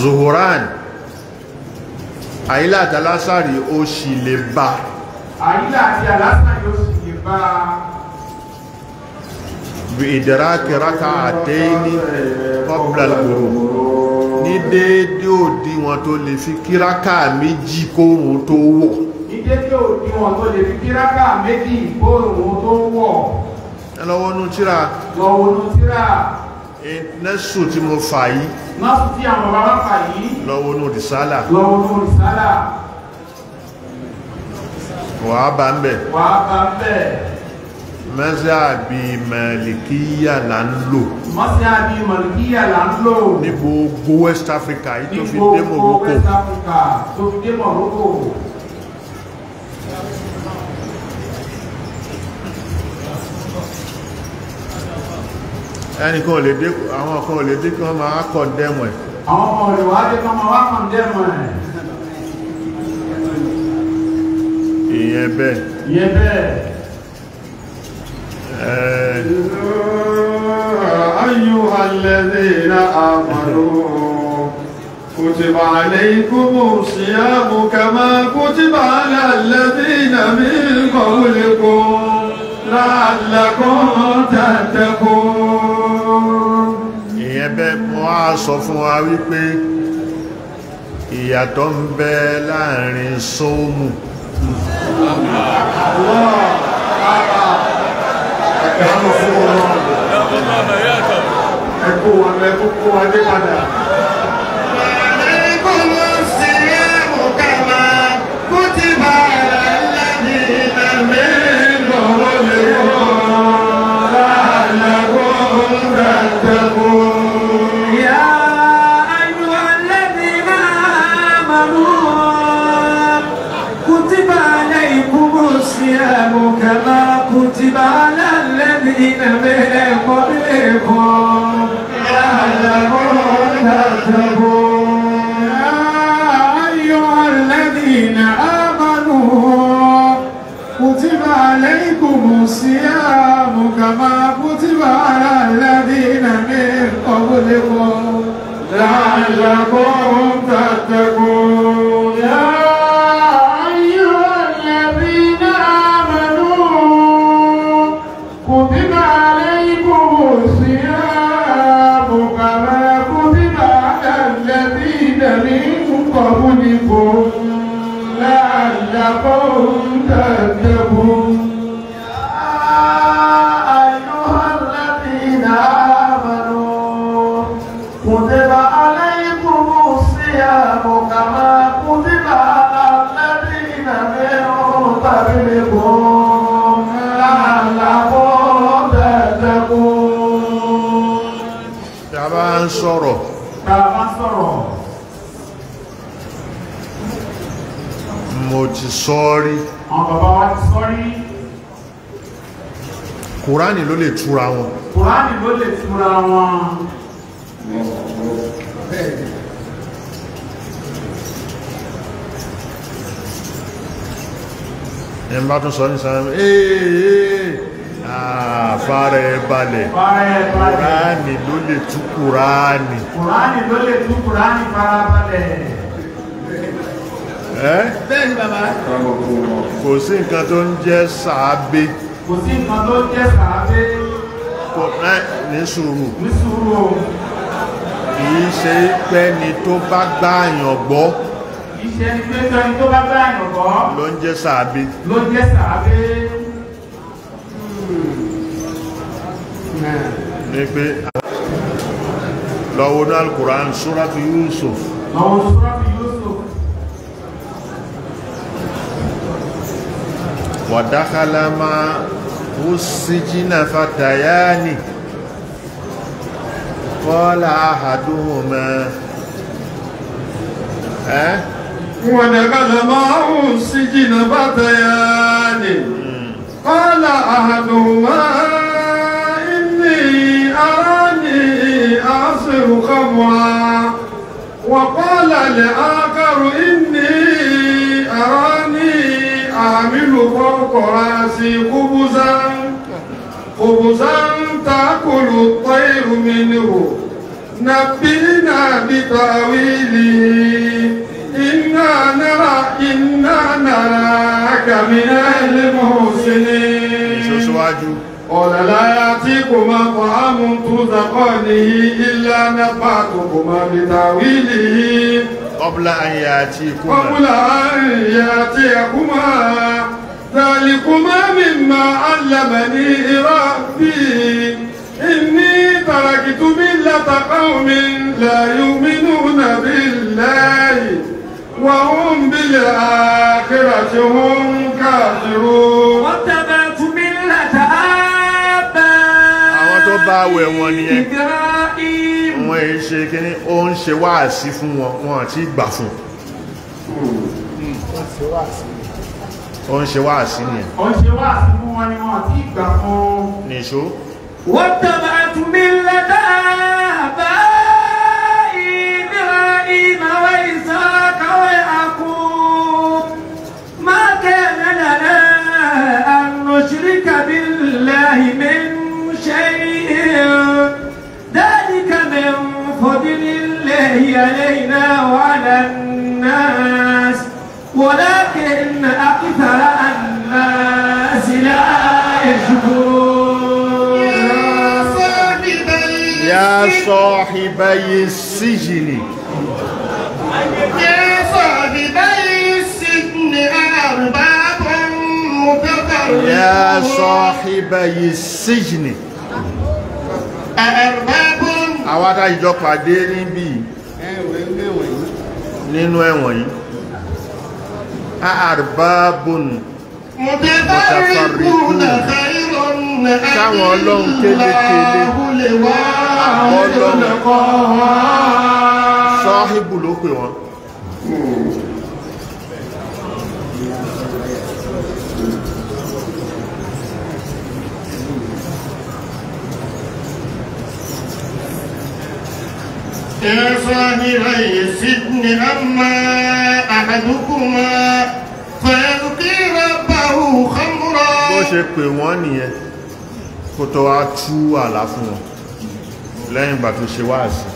zuhuran àyílà àti alásàrí ó sì lè bá àyílà àti alásàrí ó sì lè bá bi idraki raka'ataini qabla al-ghurub ní déédé òdi wọn tó lè fi kíráká méjì kóòrùn tó wọ̀. ní déédé òdi wọn tó lè fi kíráká méjì kóòrùn tó wọ̀. ẹ lọ wọnú tíra. lọ wọnú tíra. nẹ́sùn tí mo fà yìí. nọ́ọ̀sì tí àwọn bàbá fà yìí. lọ wọnú rìsálà. lọ wọnú rìsálà. wàá bá ń bẹ̀. wàá bá ń bẹ̀ mọ́sáàbí màlìkíyà là ń lò mọ́sáàbí màlìkíyà là ń lò ní gbogbo West Africa yìí tó fi dé Morocco West Africa tó fi dé Morocco ẹnìkan ò lè dé àwọn kan ò lè dé kí wọ́n máa kọ̀ dẹ́mọ̀ ẹ̀ àwọn ọmọ bẹ́ẹ̀ أيها الذين آمنوا كتب عليكم الصيام كما كتب على الذين من قبلكم لعلكم تتقون ìyẹn bẹ́ẹ̀ mo á sọ ìyàtọ̀ ń bẹ láàrin sóòmù àánú fún ọlọ́run ẹ kó wa lẹ tó kó wa dé padà. كتب عليكم الصيام كما كتب على الذين من قبلكم لعلهم تتقون يا أيها الذين آمنوا كتب عليكم الصيام كما كتب على الذين من قبلكم لعلكم تتقون sọ́ọ́rí. àwọn bàbá wa ti sọ́ọ́rí. kùránì ló lè túra wọn. kùránì ló lè túra wọn. ẹ bá tún sọ ní sáré ee àfárá ẹ balẹ̀ kùránì ló lè tú kùránì. kùránì ló lè tú kùránì farabalẹ̀. ẹ́ bẹ́ẹ̀ ni bàbá. kò sí nǹkan tó ń jẹ́ sàábé. kò sí nǹkan tó ń jẹ́ sàábé. kò rẹ́ ní sùúrù. ní sùúrù o. kì í ṣe pẹ́ni tó bá gbààyàn gbọ́. kì í ṣe pẹ́ni tó bá gbààyàn gbọ́. ló ń jẹ́ sàábé. ló ń jẹ́ sàábé. ní pé lọ́wọ́ náà Al-Qur'an Suratu Yusuf. lọ́wọ́ Suratu Yusuf. wàdákàlá máa ó sí jìnà fàtàyáni kọ́lá àhàdùnmọ́ ẹ́ wàdákàlá máa ó sí jìnà fàtàyáni kọ́lá àhàdùnmọ́ inni arani asiru khamra وقال لآخر إني أرى الأنامل فوق رأسي خبزا خبزا تأكل الطير منه نبينا بتأويله إنا نرى إنا نراك من المحسنين قال لا يأتيكما طعام ترزقانه إلا نفعتكما بتأويله qabla an ya'tikuma. qabla an ya'tikuma dhalikuma mimma 'allamani rabbi inni taraktu millata qaumin la yu'minuna billahi wa hum bil akhirati hum kafirun. wọ́n tẹ̀ bẹ́ẹ̀ tún mi lẹ́tà á bẹ́ẹ̀. àwọn tó bá wẹ̀ wọ́n nìyẹn wọn ẹ ṣe kíní ó ń ṣe wáàsí fún wọn wọn àti ìgbà fún ó ń ṣe wáàsí nìyẹn ó ṣe wáàsí fún wọn ni wọn àti ìgbà fún nìṣó wọ́n tẹ̀lé àtúnmí هي علينا وعلى الناس ولكن أكثر الناس لا يشكرون يا صاحبي السجن يا صاحبي السجن أرباب متقربون يا صاحبي السجن أرباب àwọn adájọ́ pàdé nínú ẹ̀wọ̀n yìí arbabun mutafarriqun táwọn ọlọ́run kélékélé àwọn ọlọ́run sọ́híbù ló pè wọ́n. يا صاحبي السجن أما أحدكما فيلقي ربه خمرا bó ṣe pè wọ́n nìyẹn kó tó wá tú àlá fún wọn lẹ́yìn ìgbà tó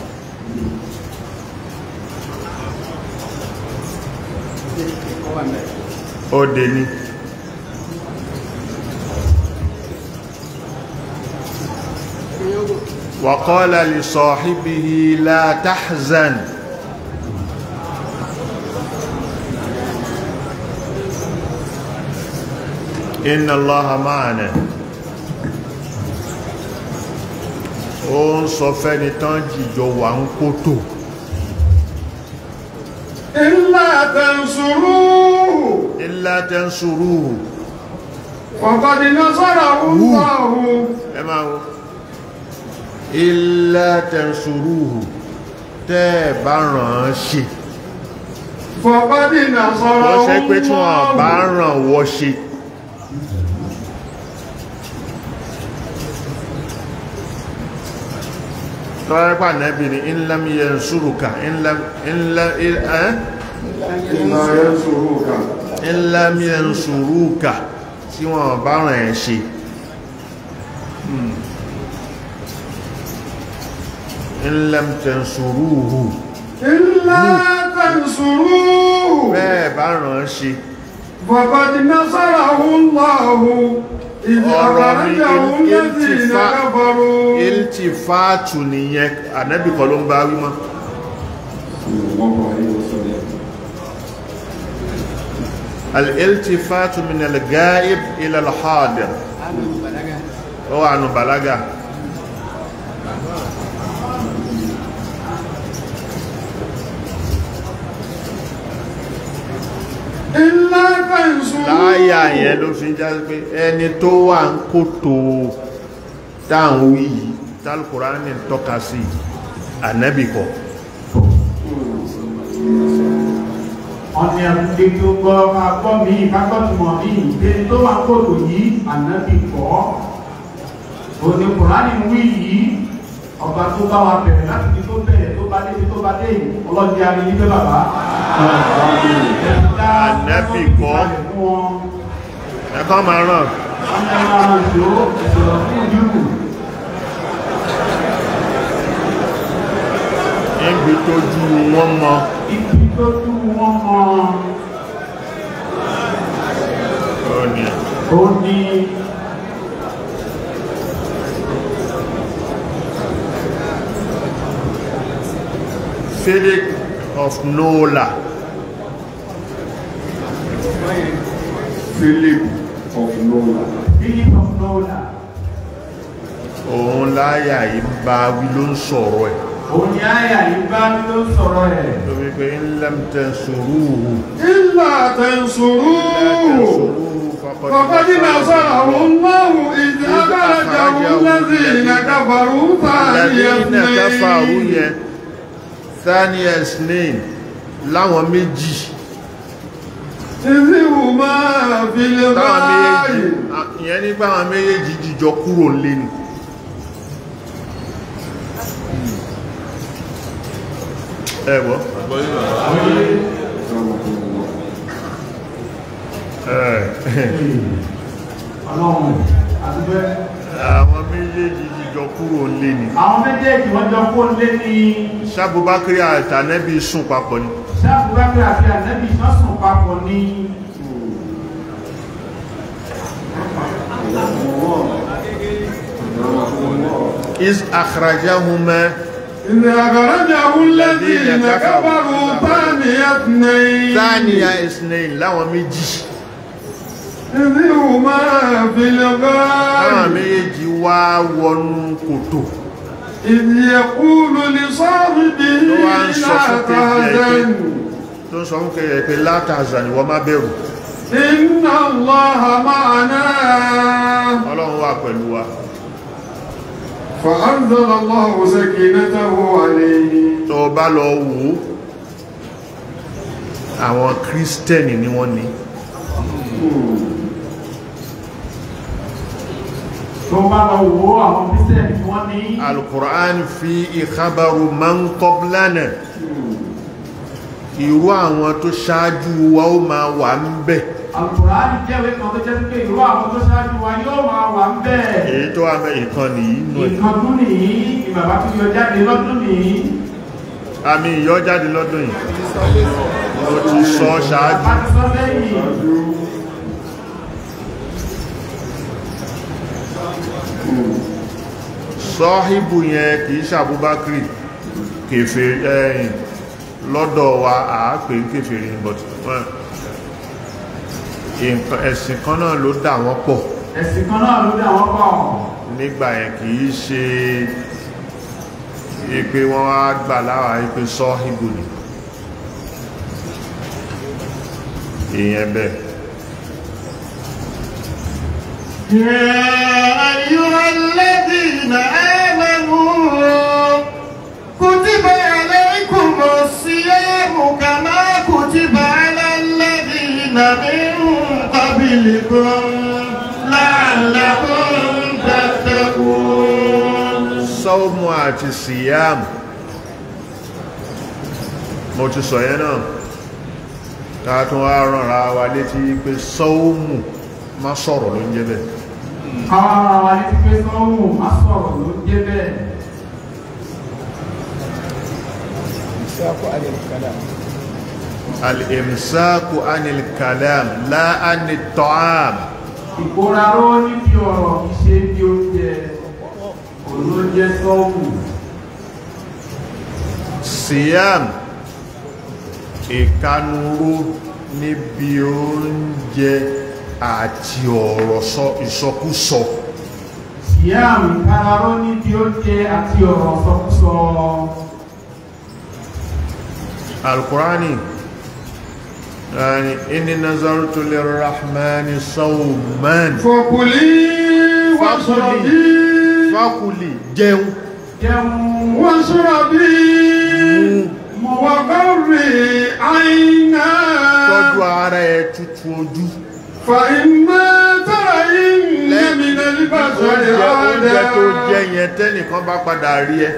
Thank you. وقال لصاحبه لا تحزن إن الله معنا ó ń sọ fẹ́ni tán jìjọ wà ń kótó. Illā tansurūhu. Illā tansurūhu. Faqad naṣarahu Allāh. ẹ máa wọ ilẹ̀ tẹ̀sùrúhù tẹ́ ẹ̀ bá ràn án ṣe. fọwọ́dìnà sọ̀rọ̀ ohun náà wọ́n ṣe pé tí wọ́n bá ràn wọ́n ṣe. tọ́lá pa nẹ́bí ni ńlá mi yẹ nsúrùkà ńlá ńlá ẹ́ ńlá mi yẹ nsúrùkà tí wọ́n bá ràn ẹ́ ṣe. Hmm in lam tansuruhu illa tansuruhu bẹ́ẹ̀ bá ràn ṣe faqad nasarahu Allahu ọ̀rọ̀ ni iltifatu nìyẹn ànábì kọ́ ló ń bá wí mọ́ al-iltifatu min al-ghaib ila al-hadir ó wà nù bàlágà láyà yẹn ló fi já pé ẹni tó wà ń kòtò táwọn yìí tálkùránì tọ́ka sí ànẹ́bìkọ̀ ọ̀nà ètò gbọ́ agbọ́ mi ìbákọ́tùmọ̀ mi ìgbé tó wà kòtò yìí ànẹ́bìkọ̀ òní kùránì wí yìí ọba tó bá wa bẹ̀rẹ̀ láti tó bẹ̀rẹ̀ bá dé tó bá dé yìí ọlọ́dún yára ní pé bàbá. ànẹ́bì kọ́ ẹ kọ́ máa ràn. níbi tójú wọn mọ. ibi tójú wọn mọ. ó ní. ó ní. Philip of Nola. Philip of Nola. Philip of Nola. Òun láyà yìí bá wí ló ń sọ̀rọ̀ ẹ̀. Òun ni àyà yìí bá wí ló ń sọ̀rọ̀ ẹ̀. Ló fi pé ńlẹ́m tansuruhu. Illa tansuruhu. Faqad nasarahu Allahu idh akhrajahu alladhina kafaru thaniya ithnayn thania snail láwọn méjì títí wù máa fi lè báyìí ìyẹn nígbà àwọn méjèèjì jíjọ kúrò lẹ́nu hmm. ẹ̀wọ́ àwọn méjèèjì jọ kúrò nílé ni. àwọn méjèèjì wọ́n jọ kúrò nílé ni. sábúbákiri àti sùn papọ̀ ni. sábúbákiri àti sùn papọ̀ ni. إذ أخرجهما إذ أخرجه الذين كفروا ثاني اثنين ثاني اثنين láwọn méjì ìdíhùn máa fi lè bá àwọn méjì wá wọnú kòtò ìdíyẹ̀kú lórí sọ́ọ̀bìdì látàzán tó sọ fún kẹrẹ pé látàzán ìwọ má bẹ̀rù inna Allaha ma'ana ọlọ́run wà pẹ̀lú wa فأنزل ni tó bá lọ wo àwọn bísẹ̀ tí wọ́n ní. alukur'an fi ìkábàrù man qablana irú àwọn tó ṣáájú wa ó máa wà ń bẹ̀. alukur'an jẹ́wé kan tó jẹ́ pé irú àwọn èyí tó wà mẹ́ ìkan nìyí àmì ìyọ jáde lọ́dún yìí. mo ti sọ ṣáájú. sọ́hìbù yẹn kìí ṣàbúbákìrì kèfè ẹ̀yìn eh, lọ́dọ̀ wa àápè kèfè rí but ẹ̀sìn kan náà ló dà wọ́n pọ̀ ẹ̀sìn kan náà ló dà wọ́n pọ̀ nígbà yẹn kìí ṣe ipe wọ́n wá gbà láwà ipe sọ́hìbù ni èèyàn bẹ́ẹ̀ يا أيها الذين آمنوا كتب عليكم الصيام كما كتب على الذين من قبلكم لعلكم تتقون صوم àti صيام mo ti sọ yẹn náà tààtún wá rànra wa létí pé sọ́ọ́mù má sọ̀rọ̀ ló ń jẹ́ bẹ́ẹ̀ káwọn ara wa létí pé sọ́hùn má sọ̀rọ̀ ló jẹ́ bẹ́ẹ̀. al-imsaku anil kalam la anit ta'am ìkóraró níbi ọ̀rọ̀ ìṣe bí oúnjẹ olóúnjẹ sọ́wù siam ìkanuró níbi oúnjẹ àti ọ̀rọ̀ ìsọkúsọ. Siyam ìkararó níbi oúnjẹ àti ọ̀rọ̀ ìsọkúsọ. Alukurani inni nazartu lirrahmani sawman. Fokuli wasurabi. Fakuli jẹun. Jẹun wasurabi. Mọ̀wákọ́rì àìná. Tọ́jú ara ẹ̀ tutù ojú. فإما ترين من البشر أحدا oúnjẹ tó jẹ yẹn tẹ́nìkan bá padà rí ẹ.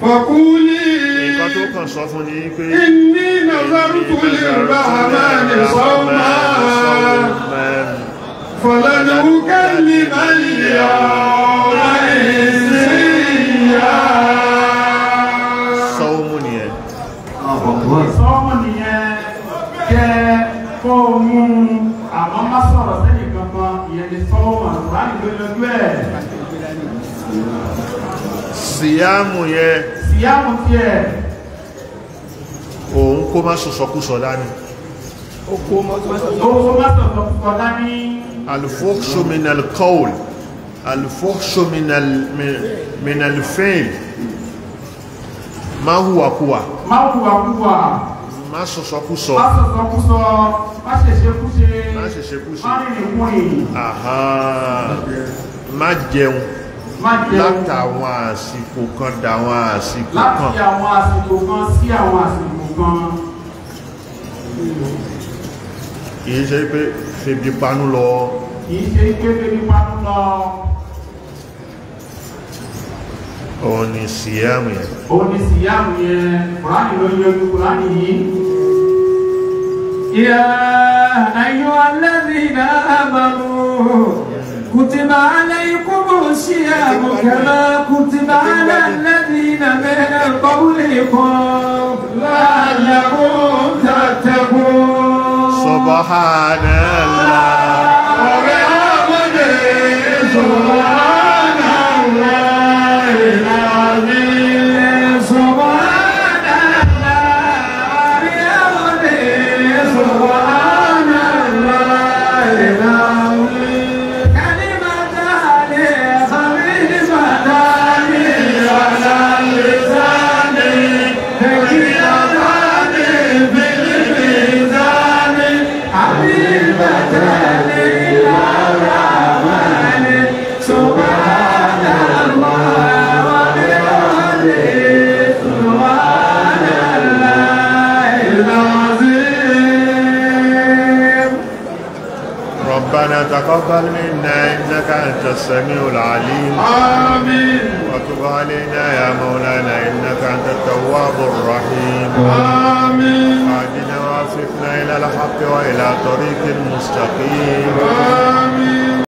فقولي nǹkan tó kàn sọ fún ni pé. إني نذرت للرحمن صوما فلن أكلم اليوم ìyẹn lè sọ́wọ́ mà láti gbé lọ́dún ẹ̀. síyáàmù yẹ. síyáàmù tiẹ̀. òun kó má sọ̀sọ̀kúsọ dání. ó kó má sọ̀sọ̀kúsọ dání. al-fuhshu min al-qawl al-fuhshu min al má sọ sọkúsọ má sọ sọkúsọ má ṣe ṣekúṣe má ṣe ṣekúṣe má rìnrìn kún èyí má jẹun látàwọn àsìkò kan dàwọn àsìkò kan láti àwọn àsìkò kan sí àwọn àsìkò kan kìí ṣe pé febi panú lọ kìí ṣe pé febi panú lọ òun ni síyámù yẹn. òun ni síyámù yẹn kùránì ló yẹ ojú kùránì yìí. yà ayọ̀ alladhina amanu kutiba alaykumu síyámù kama kutiba ala alladhina min qablikum la'allakum tattaqun. subhanallah. ọ̀rẹ́ àwọn تقبل منا إنك أنت السميع العليم آمين وتب علينا يا مولانا إنك أنت التواب الرحيم آمين هدنا واصفنا إلى الحق وإلى طريق مستقيم آمين